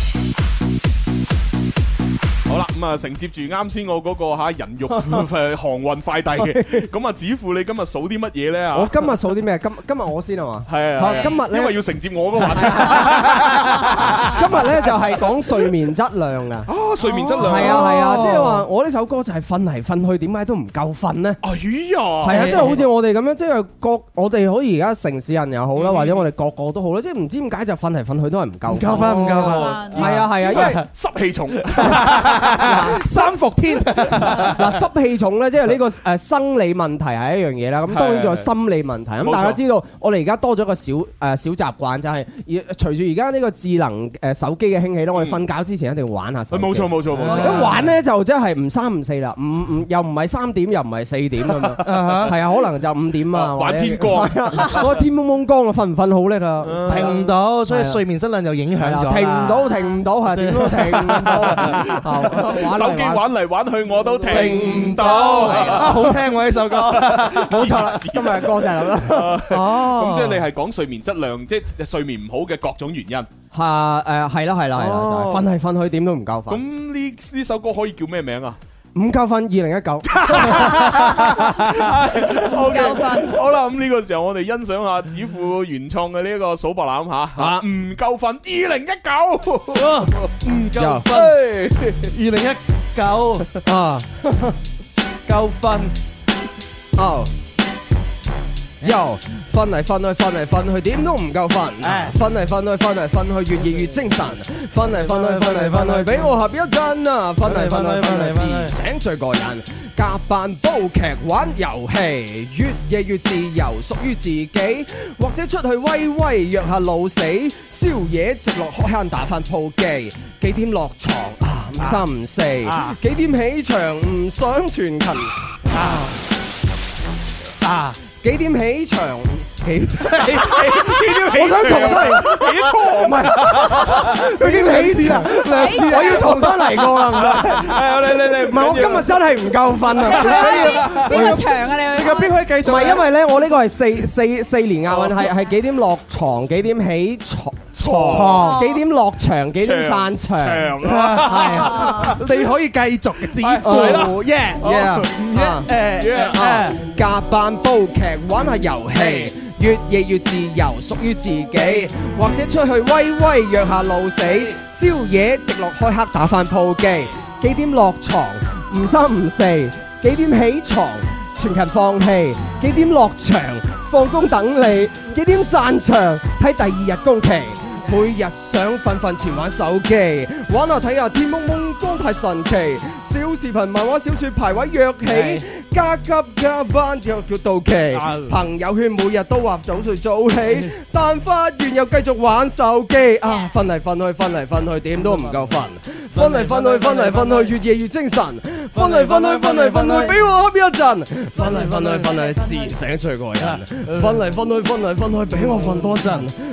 好啦，咁啊承接住啱先我嗰個吓人肉誒行運快遞嘅，咁啊紫賦你今日數啲乜嘢咧？我今日數啲咩？今今日我先係嘛？係啊。今日咧因為要承接我個話題，今日咧就係講睡眠質量嘅。哦，睡眠質量係啊係啊，即係話我呢首歌就係瞓嚟瞓去，點解都唔夠瞓咧？哎呀，係啊，即係好似我哋咁樣，即係各我哋好似而家城市人又好啦，或者我哋個個都好啦，即係唔知點解就瞓嚟瞓去都係唔夠，唔夠瞓，唔夠瞓，係啊係啊，因為濕氣重。三伏天，嗱濕氣重咧，即係呢個誒生理問題係一樣嘢啦。咁當然仲有心理問題。咁大家知道，我哋而家多咗個小誒小習慣，就係隨住而家呢個智能誒手機嘅興起啦。我哋瞓覺之前一定要玩下手機。冇錯冇錯冇錯。一玩咧就即係唔三唔四啦，五五又唔係三點又唔係四點咁樣，係啊可能就五點啊。玩天光，個天蒙蒙光啊，瞓唔瞓好咧？佢停唔到，所以睡眠質量就影響咗。停唔到，停唔到係點都停唔到。玩手機玩嚟玩去我都停唔到，好聽喎呢首歌，冇錯啦。今日嘅歌就係咁啦。哦，咁即係你係講睡眠質量，即係睡眠唔好嘅各種原因。吓，誒係啦係啦係啦，瞓係瞓去點都唔夠瞓。咁呢呢首歌可以叫咩名啊？唔夠瞓二零一九，唔夠瞓，好啦，咁呢個時候我哋欣賞下紫賦原創嘅呢一個數白欖哈，啊唔夠瞓二零一九，唔夠瞓二零一九啊，夠瞓哦，Yo。瞓嚟瞓去瞓嚟瞓去，點都唔夠瞓。瞓嚟瞓去瞓嚟瞓去，越夜越精神。瞓嚟瞓去瞓嚟瞓去，俾我合一陣啊！瞓嚟瞓去瞓嚟瞓去，醒最過癮。加班煲劇玩遊戲，越夜越自由，屬於自己。或者出去威威約下老死，宵夜直落開坑打返鋪機。幾點落床？啊？五三五四。幾點起床？唔想全勤啊啊！幾點起床？起起起！我想重新嚟。起床，唔係已經起事啊？兩次我要重新嚟過啦，係啊！你你你唔係，我今日真係唔夠瞓啊！呢個長啊你！你個邊可以繼續？唔係因為咧，我呢個係四四四年亞運係，係幾點落牀？幾點起牀？錯，幾點落場？幾點散場？你可以繼續自負啦。Yeah 加班煲劇玩下遊戲，越夜越自由，屬於自己。或者出去威威約下老死，朝夜直落開黑打翻鋪機。幾點落床？唔三唔四。幾點起床？全勤放棄。幾點落場？放工等你。幾點散場？睇第二日工期。每日想瞓瞓前玩手機，玩下睇下天蒙蒙光太神奇。小視頻、漫畫、小説排位約起。加急加班，仲有叫到期。朋友圈每日都話早睡早起，但翻完又繼續玩手機。啊，瞓嚟瞓去，瞓嚟瞓去，點都唔夠瞓。瞓嚟瞓去，瞓嚟瞓去，越夜越精神。瞓嚟瞓去，瞓嚟瞓去，俾我瞌一陣。瞓嚟瞓去，瞓嚟自然醒，最過癮。瞓嚟瞓去，瞓嚟瞓去，俾我瞓多陣。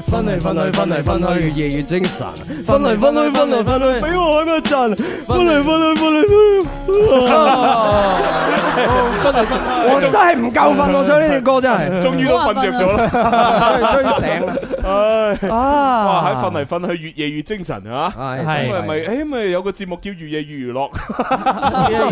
瞓嚟瞓去，瞓嚟瞓去，越夜越精神。瞓嚟瞓去，瞓嚟瞓去，俾我瞌一陣。瞓嚟瞓去，瞓嚟。我真係唔夠瞓，唱呢隻歌真係。終於都瞓着咗啦，追醒。唉，啊，哇！喺瞓嚟瞓去，越夜越精神啊！係係咪咪誒？咪有個節目叫《越夜越娛樂》，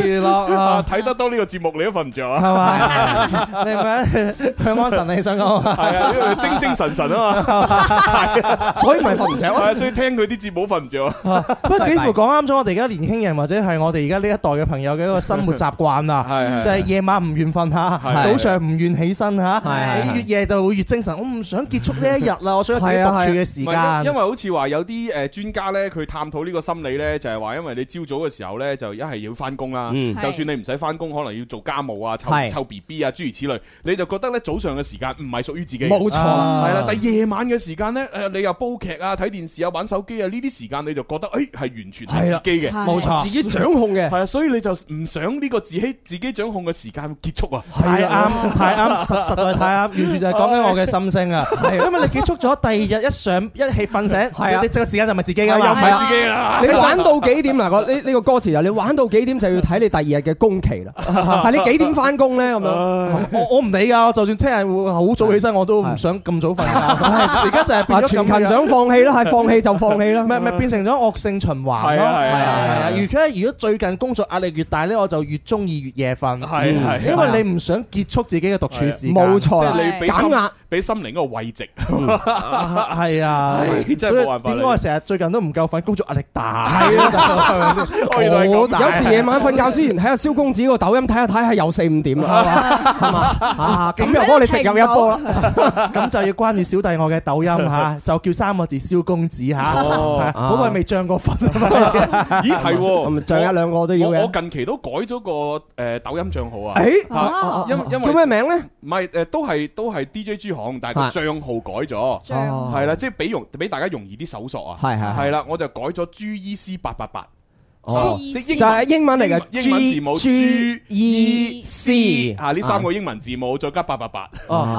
越娛樂啊！睇得多呢個節目，你都瞓唔着啊？係嘛？你係咪向安神，你想講？係啊，因為精精神神啊嘛。所以咪瞓唔着。係啊，所以聽佢啲節目，我瞓唔着啊。不過幾乎講啱咗，我哋而家年輕人或者係我哋而家呢一代嘅朋友嘅一個生活習慣啊，係就係。夜晚唔願瞓，早上唔願起身，你越夜就會越精神。我唔想結束呢一日啦，我想有自己獨處嘅時間。因為好似話有啲誒專家呢，佢探討呢個心理呢，就係話因為你朝早嘅時候呢，就一係要翻工啦。就算你唔使翻工，可能要做家務啊、湊湊 BB 啊，諸如此類，你就覺得呢早上嘅時間唔係屬於自己。冇錯。係啦，但夜晚嘅時間呢，你又煲劇啊、睇電視啊、玩手機啊，呢啲時間你就覺得誒係完全係自己嘅，冇錯，自己掌控嘅。係啊，所以你就唔想呢個自己自己掌控嘅。時間結束啊，太啱，太啱，實實在太啱，完全就係講緊我嘅心聲啊！係，因為你結束咗，第二日一上一起瞓醒，你你即個時間就咪自己噶啦，又唔係自己啦！你玩到幾點啊？呢呢個歌詞啊，你玩到幾點就要睇你第二日嘅工期啦。係你幾點返工咧？咁樣，我我唔理噶，就算聽日會好早起身，我都唔想咁早瞓覺。而家就係全勤獎放棄啦，係放棄就放棄啦。咪咪變成咗惡性循環咯？係啊係啊係啊！而且如果最近工作壓力越大咧，我就越中意越夜瞓。係。嗯、因為你唔想結束自己嘅獨處時間，冇錯啊，減壓。俾心靈嗰個慰藉，係啊，所以點解成日最近都唔夠瞓，工作壓力大咯，係咪先？好大，有時夜晚瞓覺之前睇下肖公子個抖音睇下睇下，有四五點啦，係嘛？係嘛？啊，咁又幫你直入一波啦，咁就要關注小弟我嘅抖音嚇，就叫三個字肖公子嚇，好耐未漲過粉啊？咦，係，漲一兩個都要嘅。我近期都改咗個誒抖音賬號啊，誒，因因為叫咩名咧？唔係誒，都係都係 DJG。但係個賬號改咗，係啦、啊，即係畀容畀大家容易啲搜索啊，係啦的，我就改咗 GEC 八八八。就係英文嚟嘅英文字母 G E C 吓，呢三個英文字母再加八八八，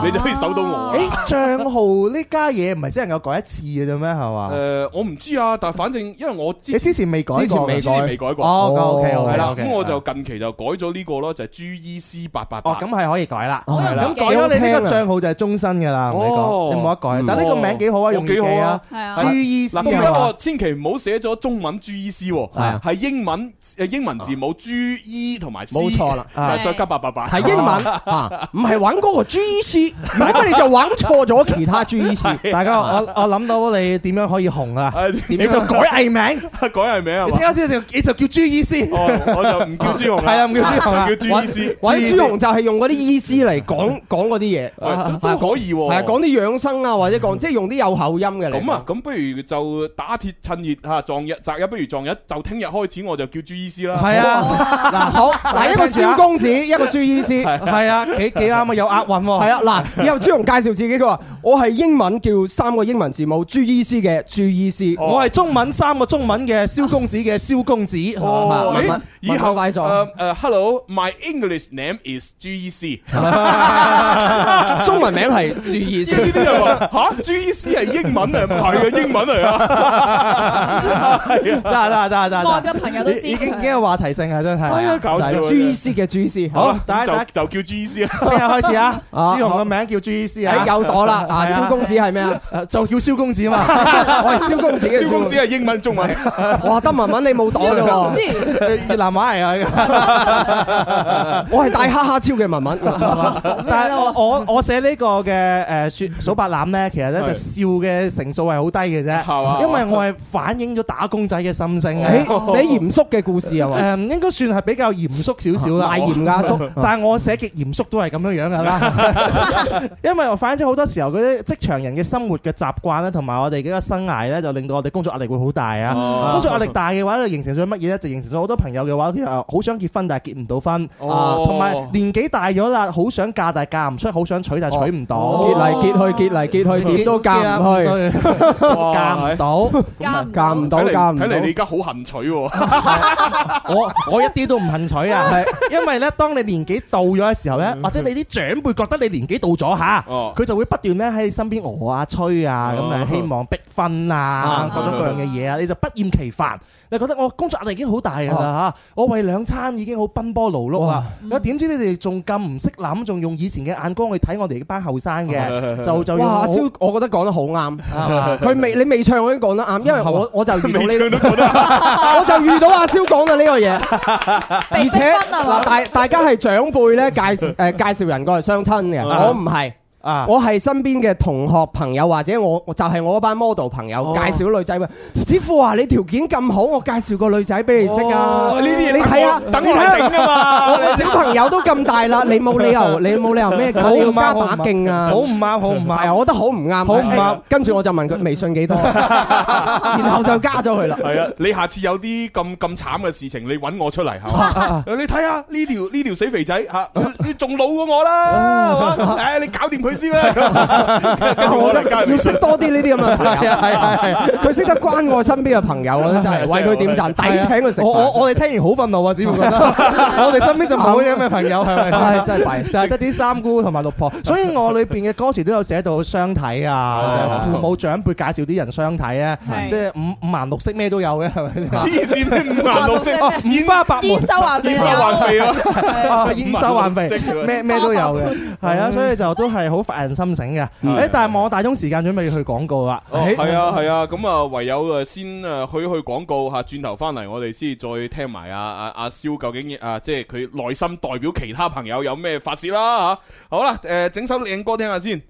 你就可以搜到我。賬號呢家嘢唔係只能夠改一次嘅啫咩？係嘛？誒，我唔知啊，但係反正因為我之前你之前未改，之前未改，之前未改過。哦，O K，係啦，咁我就近期就改咗呢個咯，就係 G E C 八八八。咁係可以改啦。咁改咗你呢個賬號就係終身噶啦。你冇得改。但係呢個名幾好啊，容易記。啊。係啊，G E C。嗱，而家我千祈唔好寫咗中文 G E C 係。英文誒英文字母 G、E 同埋 C，冇錯啦，再加八八八係英文啊，唔係玩嗰個 G、E、C，唔係，你就玩錯咗其他 G、E、C。大家我我諗到你點樣可以紅啊？你就改藝名，改藝名啊！你聽下先，你就叫 G、E、C。我就唔叫豬紅，係啊，唔叫豬紅，叫 G、E、C。揾豬紅就係用嗰啲醫師嚟講講嗰啲嘢，嗰二喎，係啊，講啲養生啊，或者講即係用啲有口音嘅嚟咁啊，咁不如就打鐵趁熱嚇撞日擇日，不如撞日就聽日開。錢，我就叫朱醫師啦。係啊，嗱好，嗱一個肖公子，一個朱醫師，係啊，幾幾啱啊，有押韻。係啊，嗱，以後豬紅介紹自己，佢話我係英文叫三個英文字母朱醫師嘅朱醫師，我係中文三個中文嘅肖公子嘅肖公子，好嘛？以後拜咗。誒，Hello，my English name is J E C。中文名係朱醫師。吓，J E C 係英文啊？唔係啊，英文嚟啊？得得得得。朋友都知已經已經有話題性啊！真係，朱醫師嘅朱醫師，好，大家就就叫朱醫師啦。邊日開始啊？豬紅個名叫朱醫師啊？又朵啦！啊，肖公子係咩啊？就叫肖公子嘛。我係肖公子嘅。肖公子係英文中文？哇！得文文你冇朵嘅喎。越南話嚟啊！我係大哈哈超嘅文文。但係我我我寫呢個嘅誒數數白欖咧，其實咧就笑嘅成數係好低嘅啫。係嘛？因為我係反映咗打工仔嘅心聲啊！寫嚴肅嘅故事係嘛？誒，應該算係比較嚴肅少少啦，大嚴噶叔。但係我寫極嚴肅都係咁樣樣噶啦。因為反正好多時候嗰啲職場人嘅生活嘅習慣咧，同埋我哋嘅一個生涯咧，就令到我哋工作壓力會好大啊。工作壓力大嘅話，就形成咗乜嘢咧？就形成咗好多朋友嘅話，佢又好想結婚，但係結唔到婚。哦，同埋年紀大咗啦，好想嫁但係嫁唔出，好想娶但係娶唔到，結嚟結去，結嚟結去，點都嫁唔到，嫁唔到，嫁唔到，嫁唔到。睇嚟，你而家好恨娶喎。 我我一啲都唔恨娶啊！ 因為咧，當你年紀到咗嘅時候咧，或者你啲長輩覺得你年紀到咗吓，佢、啊、就會不斷咧喺你身邊訛啊、吹啊，咁啊希望逼婚啊，各種各樣嘅嘢啊，你就不厭其煩。你覺得我工作壓力已經好大㗎啦嚇，我為兩餐已經好奔波勞碌啦。點知你哋仲咁唔識諗，仲用以前嘅眼光去睇我哋班後生嘅，就就阿肖，我覺得講得好啱。佢未，你未唱我已經講得啱，因為我我就遇到你，我就遇到阿肖講嘅呢個嘢。而且大大家係長輩咧，介誒介紹人過嚟相親嘅，我唔係。啊！我係身邊嘅同學朋友或者我就係我嗰班 model 朋友介紹女仔，師傅話你條件咁好，我介紹個女仔俾你識啊！呢啲嘢你係啊，等你睇下點噶嘛？小朋友都咁大啦，你冇理由，你冇理由咩加把勁啊？好唔啱，好唔啱，我覺得好唔啱，好唔啱。跟住我就問佢微信幾多，然後就加咗佢啦。係啊，你下次有啲咁咁慘嘅事情，你搵我出嚟，係嘛？你睇下呢條呢條死肥仔吓，你仲老過我啦，係嘛？誒，你搞掂。佢知咩？我覺得要識多啲呢啲咁嘅朋友。係啊，係佢識得關愛身邊嘅朋友，我覺得真係為佢點贊。抵請佢食。我我哋聽完好憤怒啊！只會覺得我哋身邊就冇呢咁嘅朋友，係咪？真係就係得啲三姑同埋六婆。所以我裏邊嘅歌詞都有寫到相睇啊，父母長輩介紹啲人相睇啊，即係五五顏六色咩都有嘅，係咪？黐線咩，五顏六色，五花八門，燕瘦環肥，燕瘦環肥，咩咩都有嘅，係啊，所以就都係好發人深省嘅，誒，嗯、但係望我大鐘時間準備去廣告啦，係啊係啊，咁啊唯有誒先誒去去廣告吓，轉頭翻嚟我哋先再聽埋阿阿阿蕭究竟阿、啊、即係佢內心代表其他朋友有咩發洩啦吓，好啦，誒、呃，整首靚歌聽下先。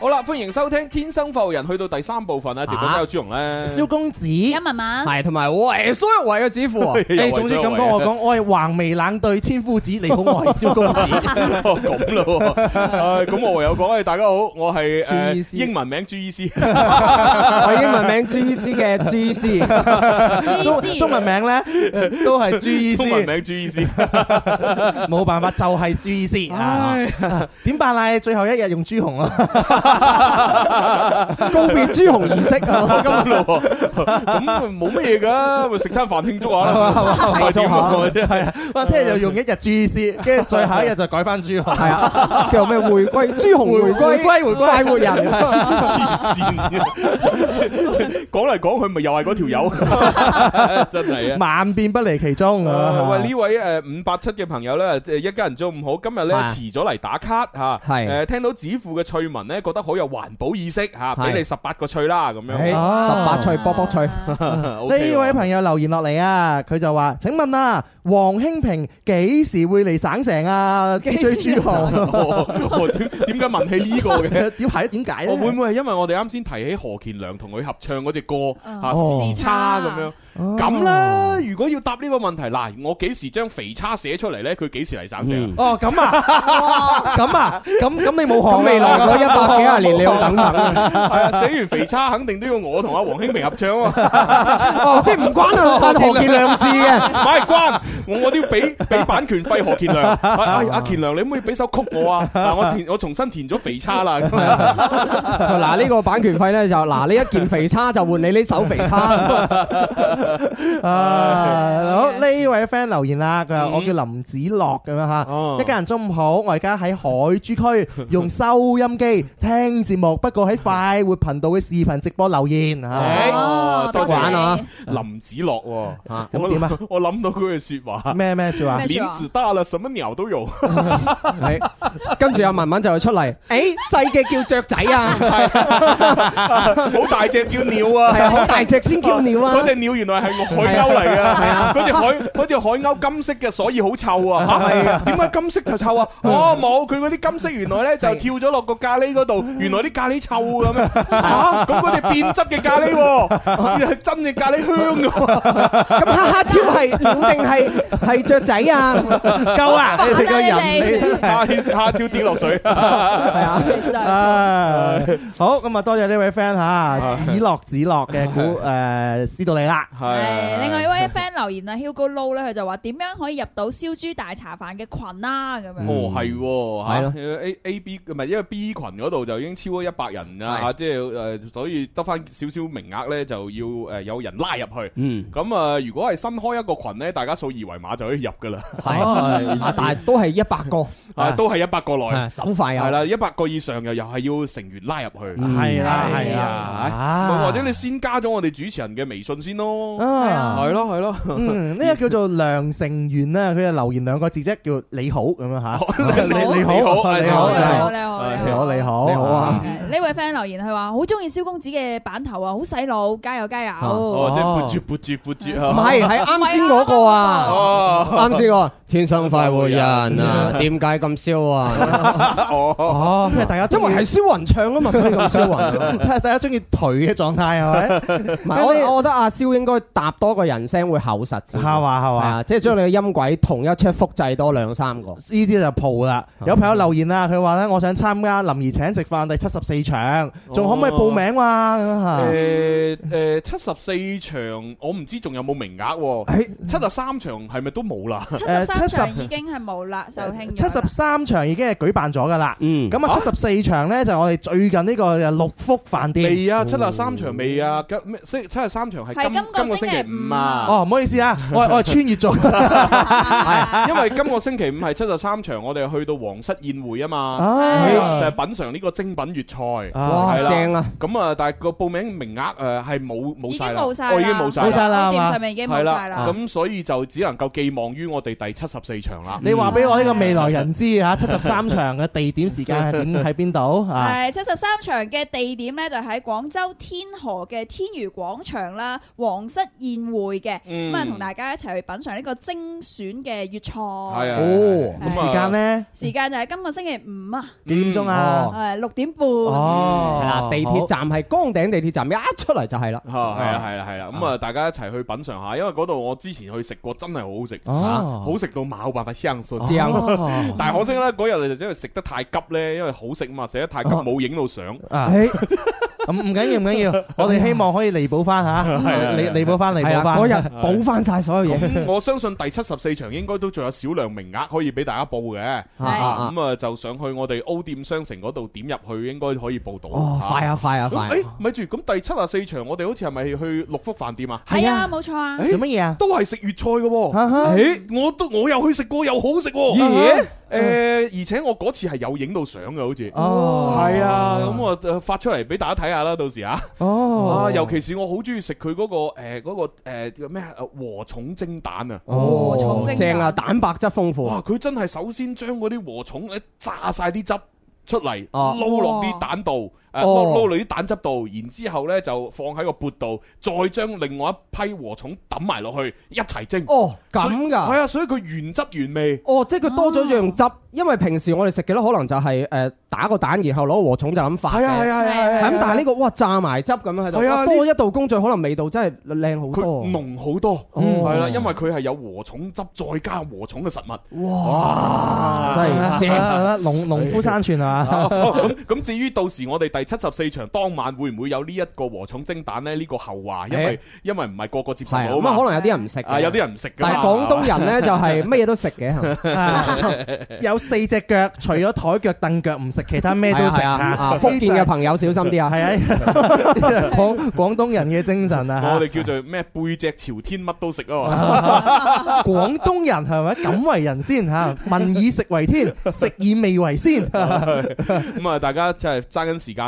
好啦，歡迎收聽《天生浮人》，去到第三部分直有啊！節目之後，豬紅咧，肖公子，英文名，係同埋蕭一維嘅紫賦。誒、 欸，總之咁講我講，我係橫眉冷對千夫指，你估我係肖公子。咁咯、 啊，誒、啊，咁、嗯、我唯有講喂，大家好，我係、呃、朱醫師，英文名朱醫師，係 英文名朱醫師嘅朱醫師， 中文名咧都係朱醫師，中文名朱醫師，冇辦法就係、是、朱醫師啊！點、哎、呀辦啊？最後一日用豬紅咯。 告別朱紅儀式啊！咁冇咩嘢噶，咪食餐飯慶祝下啦。慶祝即係，即係聽日就用一日朱絲，跟住最後一日就改翻朱紅。係啊，叫咩回歸朱紅，回歸快活人。黐線嘅，講嚟講去，咪又係嗰條友。真係啊，萬變不離其宗啊！喂，呢位誒五八七嘅朋友咧，即係一家人做唔好，今日咧遲咗嚟打卡吓，係誒聽到紫賦嘅趣聞咧，覺得。好有環保意識嚇，俾是你十八個脆啦咁樣，十八脆，卜卜脆。呢位朋友留言落嚟啊，佢就話：請問啊？王興平幾時會嚟省城啊？最豬行，點點解問起呢個嘅？點係點解咧？會唔會係因為我哋啱先提起何建良同佢合唱嗰隻歌啊？時差咁樣咁啦。如果要答呢個問題，嗱，我幾時將肥叉寫出嚟咧？佢幾時嚟省城？哦，咁啊，咁啊，咁咁你冇可未來嗰一百幾廿年你要等啊？寫完肥叉肯定都要我同阿黃興平合唱啊！哦，即係唔關阿何建良事嘅，唔係關。我我都要俾俾版權費何建良，阿阿建良，你可唔可以俾首曲我啊？嗱，我填我重新填咗肥叉啦。嗱、 啊，呢、這個版權費咧就嗱，呢、啊、一件肥叉就換你呢首肥叉。 啊，好呢 Okay. 位 friend 留言啦，佢話我叫林子樂咁樣吓，嗯啊、一家人中午好，我而家喺海珠區用收音機聽節目，啊、不過喺快活頻道嘅視頻直播留言吓。哦，多謝、啊啊、林子樂，咁點啊？啊我諗到佢嘅說咩咩笑話？林子大了，什麼鳥都有。跟住阿慢慢就出嚟，誒，細嘅叫雀仔啊，好大隻叫鳥啊，好大隻先叫鳥啊。嗰隻鳥原來係海鷗嚟噶，嗰隻海嗰隻海鷗金色嘅，所以好臭啊。吓，點解金色就臭啊？哦，冇，佢嗰啲金色原來咧就跳咗落個咖喱嗰度，原來啲咖喱臭嘅咩？吓，咁嗰隻變質嘅咖喱，係真嘅咖喱香嘅。咁黑超係滷定係？係雀仔啊，夠啊！你個人你蝦蝦超跌落水，係啊，好。咁啊，多謝呢位 friend 吓，子樂子樂嘅股誒斯杜尼啦。係另外一位 friend 留言啊，hugo low 咧，佢就話點樣可以入到燒豬大茶飯嘅群啦。咁樣哦，係吓 A A B 唔係，因為 B 群嗰度就已經超過一百人啦，吓即係誒，所以得翻少少名額咧，就要誒有人拉入去。嗯，咁啊，如果係新開一個群咧，大家數。二維碼就可以入噶啦，係但係都係一百個，啊，都係一百個內，手快啊，係啦，一百個以上又又係要成員拉入去，係啦，係啊，或者你先加咗我哋主持人嘅微信先咯，係咯，係咯，呢個叫做梁成員啊，佢就留言兩個字啫，叫你好咁樣吓，你好，你好，你好，你好，你好，你好，你好，啊，呢位 friend 留言佢話好中意肖公子嘅版頭啊，好洗腦，加油加油，哦，即係撥住撥住撥住，唔係係啱先嗰個啊。哦，啱先喎！天生快活人啊，點解咁燒啊？哦，因為大家中意，因為係蕭云唱啊嘛，所以咁燒云。大家中意頹嘅狀態係咪？唔係，我我覺得阿蕭應該搭多個人聲會厚實啲。係啊，係啊，即係將你嘅音軌同一出複製多兩三個，呢啲就鋪啦。有朋友留言啦，佢話咧，「我想參加林兒請食飯第七十四場，仲可唔可以報名啊？」誒誒，七十四場我唔知仲有冇名額喎。誒，七十三場。係咪都冇啦？七十三場已經係冇啦，受慶。七十三場已經係舉辦咗噶啦。嗯。咁啊，七十四場咧就係我哋最近呢個六福飯店。未啊，七十三場未啊，今咩？星七十三場係今個星期五啊。哦，唔好意思啊，我我係，穿越咗。係，因為今個星期五係七十三場，我哋去到皇室宴會啊嘛。啊。就係品嚐呢個精品粵菜。哇，正啦。咁啊，但係個報名名額誒係冇冇曬啦。已經冇曬啦。我已經冇曬啦。網店上面已經冇曬啦。咁所以就只有，能夠寄望於我哋第七十四場啦。你話俾我呢個未來人知吓，七十三場嘅地點時間係點？喺邊度？係七十三場嘅地點呢，就喺廣州天河嘅天娛廣場啦，皇室宴會嘅。咁啊，同大家一齊去品嘗呢個精選嘅粵菜。係啊。哦。咁時間呢？時間就係今個星期五啊。幾點鐘啊？誒，六點半。哦。係啦，地鐵站係崗頂地鐵站，一出嚟就係啦。啊，係啊，係啦，係啦。咁啊，大家一齊去品嘗下，因為嗰度我之前去食過，真真係好好食，oh. 啊，好食到冇辦法相信。Oh. 但係可惜咧，嗰日就因為食得太急咧，因為好食啊嘛，食得太急冇影、oh. 到相。唔唔緊要唔緊要，我哋希望可以彌補翻吓，彌彌補翻彌補翻嗰日補翻曬所有嘢。咁我相信第七十四場應該都仲有少量名額可以俾大家報嘅，咁啊就上去我哋 O 店商城嗰度點入去應該可以報到。快啊快啊快！誒，咪住，咁第七十四場我哋好似係咪去六福飯店啊？係啊，冇錯啊。做乜嘢啊？都係食粵菜嘅喎。誒，我都我又去食過，又好食。誒，而且我嗰次係有影到相嘅，好似。哦，係啊，咁我發出嚟俾大家睇下。啦，到時啊，哦啊，尤其是我好中意食佢嗰個誒，呃嗰個誒咩禾蟲蒸蛋啊，哦，正啊，蛋白質豐富，哇，啊，佢真係首先將嗰啲禾蟲咧炸晒啲汁出嚟，撈落啲蛋度。哦哦誒，撈撈落啲蛋汁度，然之後咧就放喺個缽度，再將另外一批禾蟲抌埋落去一齊蒸。哦，咁噶？係啊，所以佢原汁原味。哦，即係佢多咗樣汁，因為平時我哋食嘅咧，可能就係誒打個蛋，然後攞禾蟲就咁發。係啊係啊係，係咁。但係呢個哇炸埋汁咁樣喺度，啊，多一道工序，可能味道真係靚好多。佢濃好多，嗯，係啦，因為佢係有禾蟲汁，再加禾蟲嘅食物。哇！真係正，農農夫山泉係嘛？咁咁，至於到時我哋係七十四場當晚會唔會有呢一個禾蟲蒸蛋呢？呢、呢個後話，因為因為唔係個個接受到，咁、啊、可能有啲人唔食，啊有啲人唔食噶。但係廣東人呢就係乜嘢都食嘅、 啊，有四隻腳，除咗台腳、凳腳唔食，其他咩都食。啊，啊，啊，福建嘅朋友小心啲 啊！係啊， 廣廣東人嘅精神啊！我哋叫做咩背脊朝天乜都食啊嘛！廣、 啊、東人係咪敢為人先吓、啊？民以食為天，食以味為先。咁 啊，大家即係揸緊時間。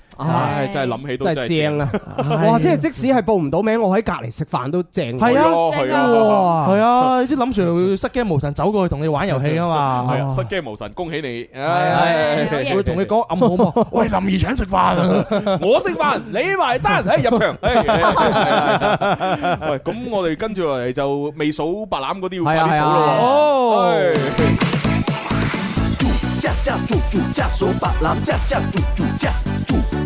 唉，真係諗起都真係正啦！哇，即係即使係報唔到名，我喺隔籬食飯都正。係啊，正啊，係啊！即諗住會失驚無神走過去同你玩遊戲啊嘛！係啊，失驚無神，恭喜你！係會同你講暗號嘛？喂，林怡請食飯啊！我食飯，你埋單。誒，入場。係啊，喂，咁我哋跟住落嚟就未數白欖嗰啲要快啲數咯。哦，主駕駕主主駕數白欖，駕駕主主駕。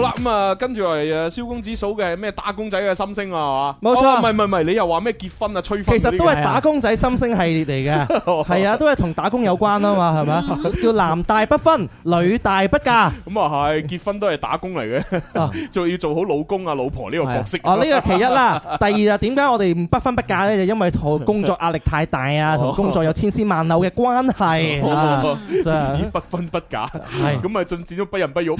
啦咁啊，跟住嚟啊，肖公子數嘅係咩打工仔嘅心聲啊，係嘛？冇錯，唔係唔係，你又話咩結婚啊，催婚？其實都係打工仔心聲系列嚟嘅，係啊，都係同打工有關啊嘛，係咪啊？叫男大不婚，女大不嫁。咁啊係，結婚都係打工嚟嘅，仲要做好老公啊老婆呢個角色。哦，呢個其一啦，第二啊，點解我哋不分不嫁咧？就因為同工作壓力太大啊，同工作有千絲萬縷嘅關係。好，以不分不嫁，係咁啊，進展到不孕不育。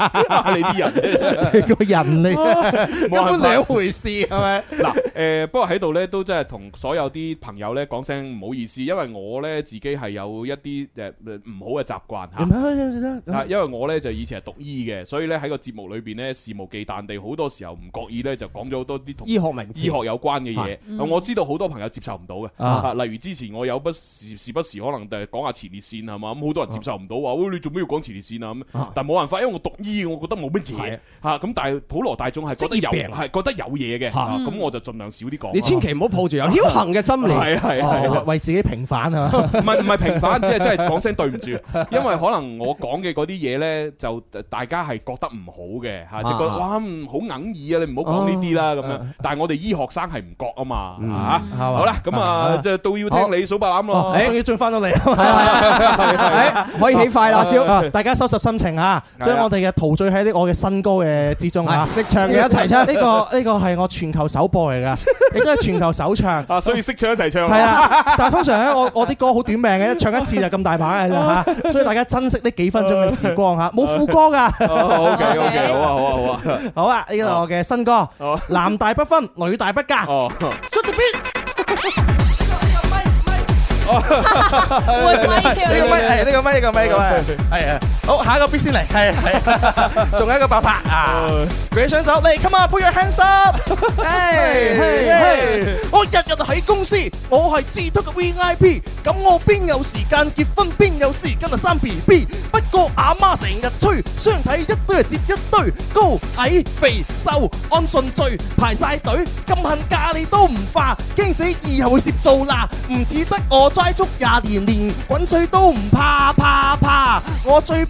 你啲人，你個人你，根本兩回事係咪？嗱，誒，不過喺度咧，都真係同所有啲朋友咧講聲唔好意思，因為我咧自己係有一啲誒唔好嘅習慣吓，因為我咧就以前係讀醫嘅，所以咧喺個節目裏邊咧肆無忌憚地好多時候唔覺意咧就講咗好多啲同醫學名、醫學有關嘅嘢。我知道好多朋友接受唔到嘅，例如之前我有不時不時可能誒講下前列腺係嘛，咁好多人接受唔到話，你做咩要講前列腺啊？咁但冇辦法，因為我讀。醫，我覺得冇乜嘢嚇，咁但係普羅大眾係覺得有病，係覺得有嘢嘅，咁我就儘量少啲講。你千祈唔好抱住有僥倖嘅心理，係係係為自己平反啊！唔係唔係平反，只係真係講聲對唔住，因為可能我講嘅嗰啲嘢咧，就大家係覺得唔好嘅嚇，就覺得哇好噉意啊！你唔好講呢啲啦咁樣。但係我哋醫學生係唔覺啊嘛嚇，好啦，咁啊即係到要聽你數白欖咯，仲要再翻到嚟啊嘛，可以起快啦，燒！大家收拾心情嚇，將我哋嘅。陶醉喺啲我嘅新歌嘅之中啊！識唱嘅一齊唱，呢個呢個係我全球首播嚟噶，亦都係全球首唱。啊，所以識唱一齊唱。係啊，但係通常咧，我我啲歌好短命嘅，一唱一次就咁大把嘅啫吓，所以大家珍惜呢幾分鐘嘅時光吓，冇副歌噶。OK，OK，好啊，好啊，好啊，好啊！呢個我嘅新歌，男大不婚，女大不嫁。出到邊？呢個咪，誒，呢個咪，呢個咪，各位係啊。好，下一個 B 先嚟，係係， 仲有一個辦法 啊！舉起雙手嚟，come on，put your hands up！我日日喺公司，我係智通嘅 VIP，咁我邊有時間結婚，邊有時間就生 BB。不過阿媽成日催，雙睇一堆嚟接一堆，高矮肥瘦按順序排晒隊，咁恨嫁你都唔化，驚死以後會攝做啦！唔似得我齋足廿年，連滾水都唔怕怕怕，我最。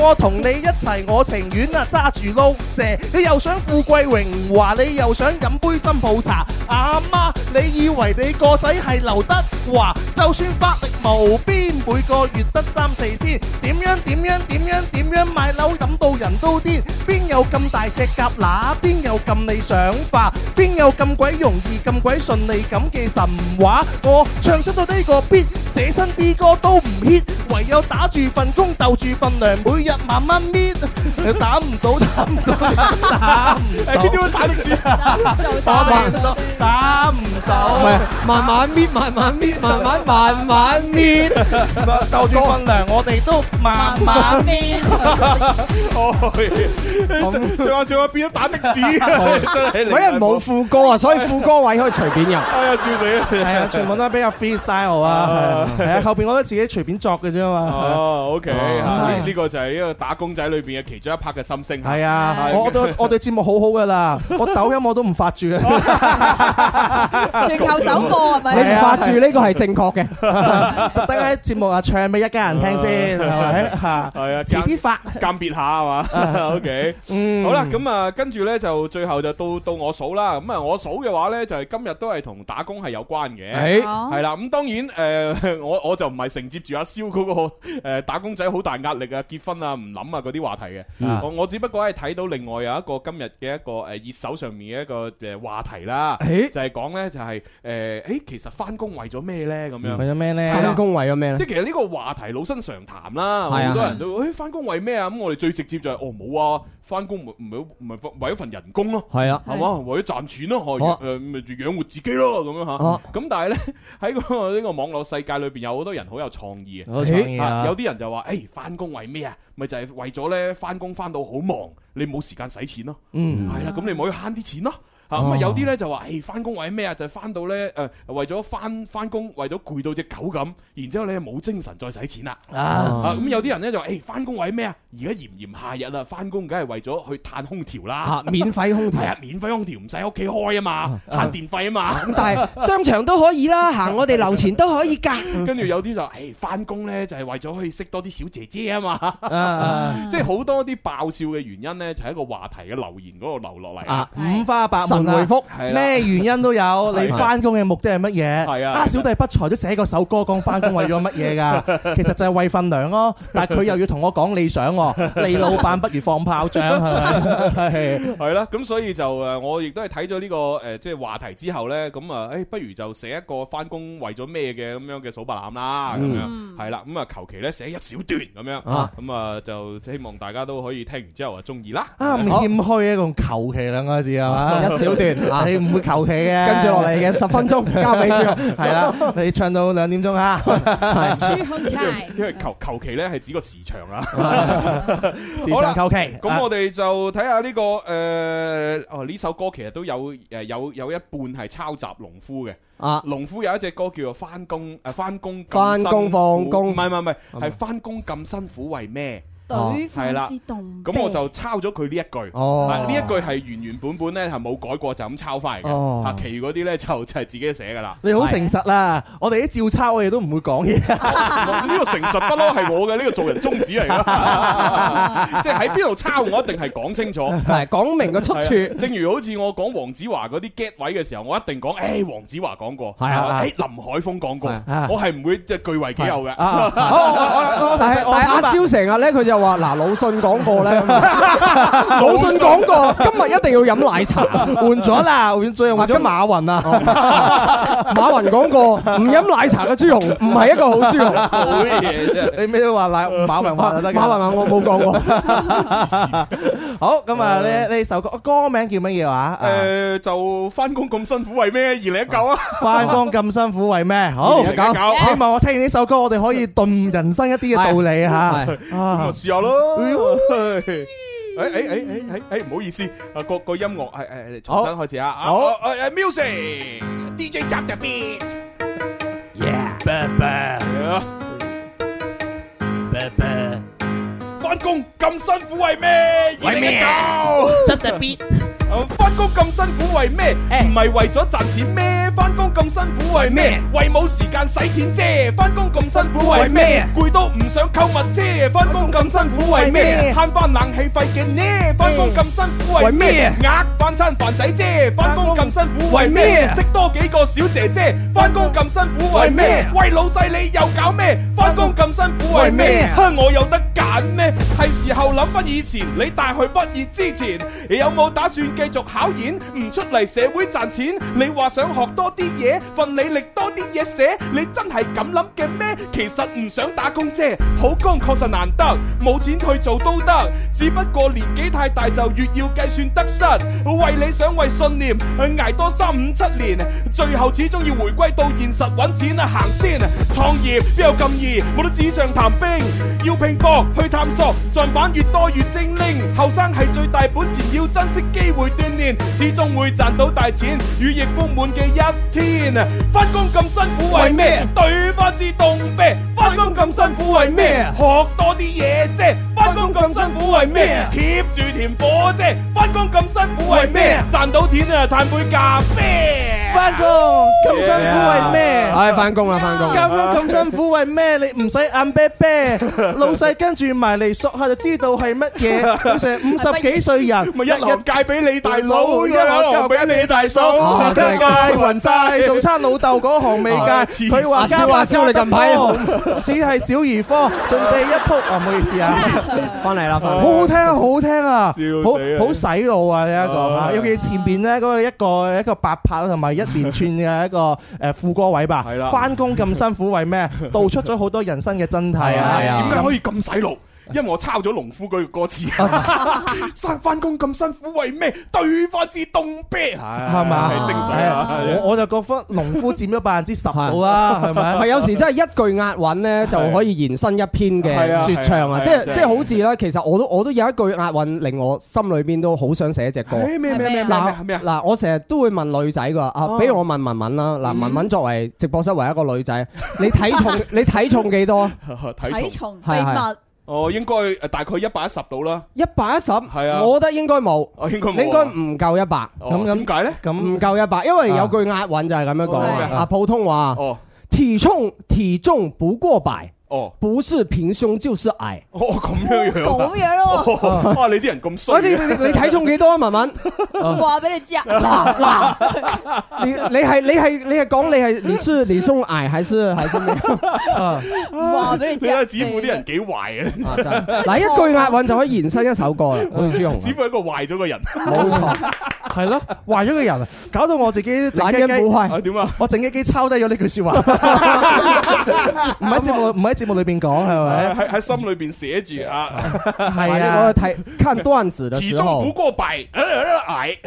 我同你一齊，我情願啊，揸住碌蔗。你又想富貴榮華，你又想飲杯新抱茶。阿媽，你以為你個仔係劉德華？就算法力無邊，每個月得三四千，點樣點樣點樣點樣買樓，飲到人都癲。邊有咁大隻甲乸？邊有咁理想化？邊有咁鬼容易咁鬼順利咁嘅神話？我唱出到呢個 beat，寫新啲歌都唔 hit，唯有打住份工，鬥住份糧，每。慢慢搣，打唔到，打唔到，打唔到，點解打的士打唔到？打唔到，慢慢搣，慢慢搣，慢慢，慢慢搣。夠咗分量我哋都慢慢搣。最後最後變咗打的士啊？因為冇副歌啊，所以副歌位可以隨便入。哎呀，笑死！係啊，全部都係比較 Free Style 啊。係啊，後邊我都自己隨便作嘅啫嘛。哦，OK，呢個就係。一個打工仔裏邊嘅其中一 part 嘅心聲係啊，我我哋節目好好噶啦，我抖音我都唔發住啊，全球首播係咪啊？你唔發住呢個係正確嘅，等下節目啊唱俾一家人聽先，係咪啊？係啊，遲啲發鑑別下啊嘛，OK，好啦，咁啊，跟住咧就最後就到到我數啦，咁啊我數嘅話咧就係今日都係同打工係有關嘅，係係啦，咁當然誒，我我就唔係承接住阿肖嗰個誒打工仔好大壓力啊，結婚啊。啊唔諗啊嗰啲話題嘅，我我只不過係睇到另外有一個今日嘅一個誒熱搜上面嘅一個誒話題啦，就係講咧就係誒，誒其實翻工為咗咩咧咁樣？為咗咩咧？翻工為咗咩咧？即係其實呢個話題老生常談啦，好多人都誒翻工為咩啊？咁我哋最直接就係哦，冇啊，翻工唔唔係唔係為一份人工咯。係啊，係嘛，為咗賺錢咯，可誒咪養活自己咯咁樣吓。咁但係咧喺個呢個網絡世界裏邊有好多人好有創意啊，有啲人就話誒翻工為咩啊？咪就係為咗咧，翻工翻到好忙，你冇時間使錢咯，啊，嗯，的嗯，係啦，啊，咁你咪可以慳啲錢咯。嚇咁有啲咧就話，誒翻工為咩啊？就係翻到咧，誒為咗翻翻工，為咗攰到隻狗咁，然之後你冇精神再使錢啦。啊，咁有啲人咧就誒翻工為咩啊？而家炎炎夏日啦，翻工梗係為咗去攤空調啦，免費空調係啊，免費空調唔使屋企開啊嘛，慳電費啊嘛。咁但係商場都可以啦，行我哋樓前都可以㗎。跟住有啲就誒翻工咧，就係為咗去識多啲小姐姐啊嘛。即係好多啲爆笑嘅原因咧，就係一個話題嘅留言嗰度留落嚟啊，五花八回覆咩原因都有，你翻工嘅目的係乜嘢？係啊，啊小弟不才都寫過首歌，講翻工為咗乜嘢噶？其實就係為份糧咯。但係佢又要同我講理想，你老闆不如放炮仗係嘛？係係啦，咁所以就誒，我亦都係睇咗呢個誒，即係話題之後咧，咁啊，誒，不如就寫一個翻工為咗咩嘅咁樣嘅數白欖啦，咁樣係啦。咁啊，求其咧寫一小段咁樣，咁啊，就希望大家都可以聽完之後啊，中意啦。啊，謙虛啊，仲求其兩個字啊，係嘛？小段，你唔會求其嘅，跟住落嚟嘅十分鐘，交俾住，係啦，你唱到兩點鐘吓。豬紅菜，因為求求其咧係指個時長啊，時長好啦求其。咁我哋就睇下呢個誒，哦呢首歌其實都有誒有有一半係抄襲農夫嘅。啊，農夫有一隻歌叫做《返工》，誒返工返工放工，唔係唔係係返工咁辛苦為咩？係啦，咁我就抄咗佢呢一句，呢一句係原原本本咧係冇改過就咁抄翻嚟嘅，吓其餘嗰啲咧就就係自己寫噶啦。你好誠實啊，我哋啲照抄我哋都唔會講嘢。呢個誠實不嬲係我嘅呢個做人宗旨嚟噶，即係喺邊度抄我一定係講清楚，講明個出處。正如好似我講黃子華嗰啲 get 位嘅時候，我一定講誒黃子華講過，係啊，誒林海峰講過，我係唔會即係據為己有嘅。但係但係阿蕭成日咧佢就。話嗱，魯迅講過咧，魯迅講過，今日一定要飲奶茶，換咗啦，換最後換咗馬雲啊，馬雲講過，唔飲奶茶嘅豬紅唔係一個好豬紅，好嘢啫，你咩都話，馬馬雲話就得，馬雲話我冇講過。好，今日呢呢首歌歌名叫乜嘢話？誒，就返工咁辛苦為咩？二零一九啊，返工咁辛苦為咩？好，希望我聽完呢首歌，我哋可以頓人生一啲嘅道理吓。有咯，哎哎哎哎哎哎，唔好意思，個個音樂係係重新開始啊，好，music，DJ 揸定 beat，yeah，ba ba，ba ba，返工咁辛苦為咩？為咩搞？揸定 beat。翻工咁辛苦為咩？唔係為咗賺錢咩？翻工咁辛苦為咩？為冇時間使錢啫。翻工咁辛苦為咩？攰到唔想購物車。翻工咁辛苦為咩？慳翻冷氣費嘅呢？翻工咁辛苦為咩？呃，翻餐飯仔啫。翻工咁辛苦為咩？識多幾個小姐姐。翻工咁辛苦為咩？喂，老細你又搞咩？翻工咁辛苦為咩？哼，我有得揀咩？係時候諗翻以前，你大學畢業之前，有冇打算？繼續考研，唔出嚟社會賺錢，你話想學多啲嘢，份履歷多啲嘢寫，你真係咁諗嘅咩？其實唔想打工啫，好工確實難得，冇錢去做都得，只不過年紀太大就越要計算得失。為理想為信念，去挨多三五七年，最後始終要回歸到現實揾錢啊行先，創業邊有咁易？冇得紙上談兵，要拼搏去探索，賺返越多越精靈，後生係最大本錢，要珍惜機會。鍛煉始終會賺到大錢，羽翼豐滿嘅一天，天啊！翻工咁辛苦為咩？對翻支凍啤，翻工咁辛苦為咩？學多啲嘢啫，翻工咁辛苦為咩？keep 住甜火啫，翻工咁辛苦為咩？賺到錢啊，嘆杯咖啡。翻工咁辛苦為咩？唉，翻工啦，翻工。加班咁辛苦為咩？你唔使眼啤啤，老細跟住埋嚟索下就知道係乜嘢。成五十幾歲人，咪一日介俾你大佬，一日介俾你大嫂，真係介到暈晒。仲差老豆嗰行未噶？佢話加埋燒，你近排只係小兒科，仲第一鋪。啊，唔好意思啊，翻嚟啦，翻嚟。好聽啊，好聽啊，好好洗腦啊！呢一個，尤其前邊咧嗰個一個一個八拍啦，同埋。 一連串嘅一個誒副歌位吧，翻工咁辛苦為咩？道出咗好多人生嘅真諦啊！點解 可以咁洗腦？因為我抄咗農夫句歌詞，返工咁辛苦為咩？隊返支凍啤嚇，係嘛？係精髓啊！我就覺得農夫佔咗百分之十啦，係咪？係有時真係一句押韻咧，就可以延伸一篇嘅説唱啊！即係即係好似咧，其實我都我都有一句押韻令我心裏邊都好想寫隻歌。咩咩咩咩咩嗱，我成日都會問女仔噶啊，比如我問文文啦，嗱，文文作為直播室唯一個女仔，你體重你體重幾多？體重秘密。哦，應該大概一百一十到啦，一百一十，係啊，我覺得應該冇，應該、啊、應該唔夠一百，咁點解呢？咁唔夠一百，因為有句押韻就係咁樣講啊，啊普通話，體、哦、重體重不過百。哦，不是平胸就是矮哦，咁樣樣，咁樣咯，哇，你啲人咁衰，你你你睇重幾多啊，文文，話俾你知啊，嗱嗱，你你係你係你係講你係你是你仲矮還是還是咩啊？話俾你知啊，紫賦啲人幾壞啊，嗱，一句押韻就可以延伸一首歌啦，伍思龍，紫賦一個壞咗個人，冇錯，係咯，壞咗個人，搞到我自己整機機，點啊，我整機機抄低咗呢句說話，唔喺節目唔喺。節目裏邊講係咪？喺喺心裏邊寫住啊，係啊！睇看段子的時候，體重不過百，矮，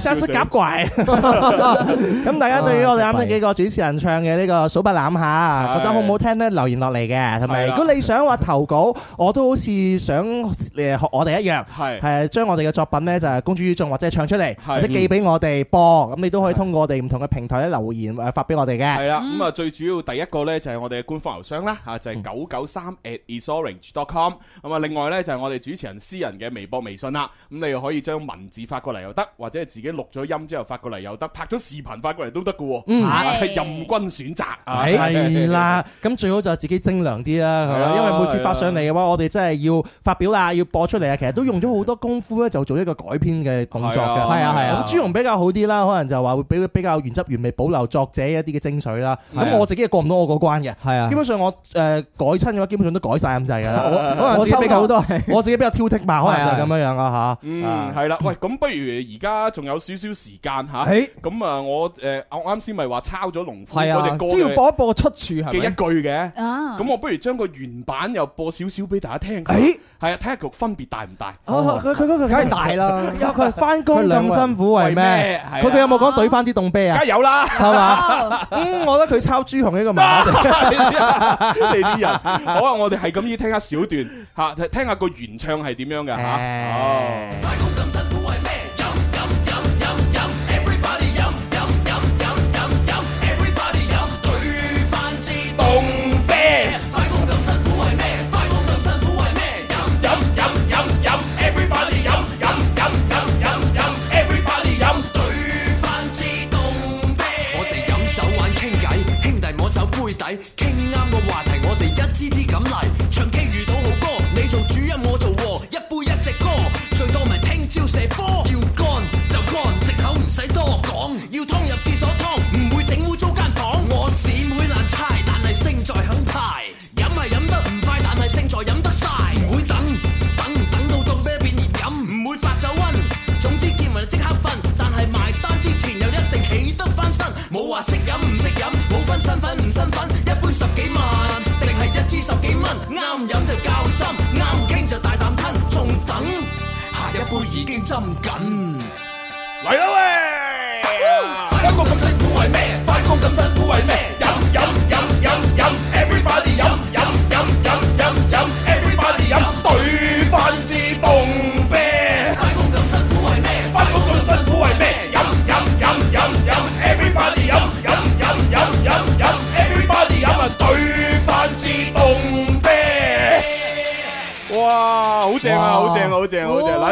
先生識搞怪。咁大家對於我哋啱啱幾個主持人唱嘅呢個數白欖下，覺得好唔好聽咧？留言落嚟嘅，係咪？如果你想話投稿，我都好似想誒學我哋一樣，係係將我哋嘅作品咧就係公諸於眾，或者唱出嚟，或者寄俾我哋播。咁你都可以通過我哋唔同嘅平台咧留言誒發俾我哋嘅。係啦，咁啊最主要第一個呢就係我哋嘅官方郵箱啦，吓就係九九三 @isorange.com 咁啊，另外呢就係我哋主持人私人嘅微博微信啦。咁你又可以將文字發過嚟，又得，或者係自己錄咗音之後發過嚟，又得，拍咗視頻發過嚟都得嘅。係任君選擇。係啦，咁最好就自己精良啲啦，係嘛。因為每次發上嚟嘅話，我哋真係要發表啦，要播出嚟啊。其實都用咗好多功夫咧，就做一個改編嘅工作嘅。係啊係啊。咁豬紅比較好啲啦，可能就話會比比較原汁原味保留作者一啲嘅精。水啦，咁我自己又過唔到我個關嘅，基本上我誒改親嘅話，基本上都改晒咁滯嘅。我自己比較多，我自己比較挑剔嘛，可能就咁樣樣啦吓。嗯，係啦，喂，咁不如而家仲有少少時間吓，咁啊，我誒啱啱先咪話抄咗農夫嗰隻歌，只要播一播出處係咪？記一句嘅，咁我不如將個原版又播少少俾大家聽。誒，係啊，睇下佢分別大唔大？佢佢佢，梗係大啦。佢係返工咁辛苦為咩？佢佢有冇講懟翻啲凍啤啊？梗有啦，係嘛。我覺得佢抄豬紅呢個名， 你啲人好啊！我哋係咁要聽下小段吓，聽下個原唱係點樣嘅吓。哈哈欸 oh. 一杯十幾萬，定係一支十幾蚊，啱飲就交心，啱傾就大啖吞，仲等下一杯已經斟緊，嚟啦喂！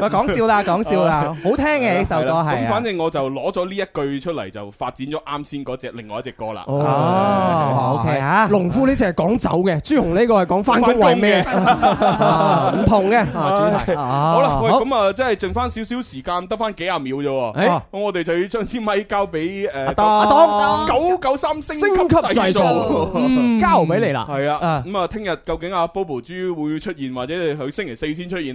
我講笑啦，講笑啦，好聽嘅呢首歌係。咁反正我就攞咗呢一句出嚟，就發展咗啱先嗰隻另外一隻歌啦。哦，OK 啊，農夫呢隻係講酒嘅，豬紅呢個係講翻工為咩嘅，唔同嘅主題。好啦，咁啊，即係剩翻少少時間，得翻幾十秒啫。咁我哋就要將千米交俾誒阿當九九三星升級製作，交俾你啦。係啊，咁啊，聽日究竟阿 Bobo 豬會出現，或者佢星期四先出現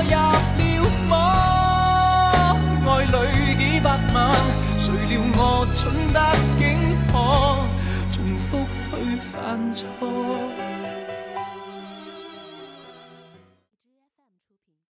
我入了魔，愛裏幾百萬，誰料我蠢得竟可重複去犯錯。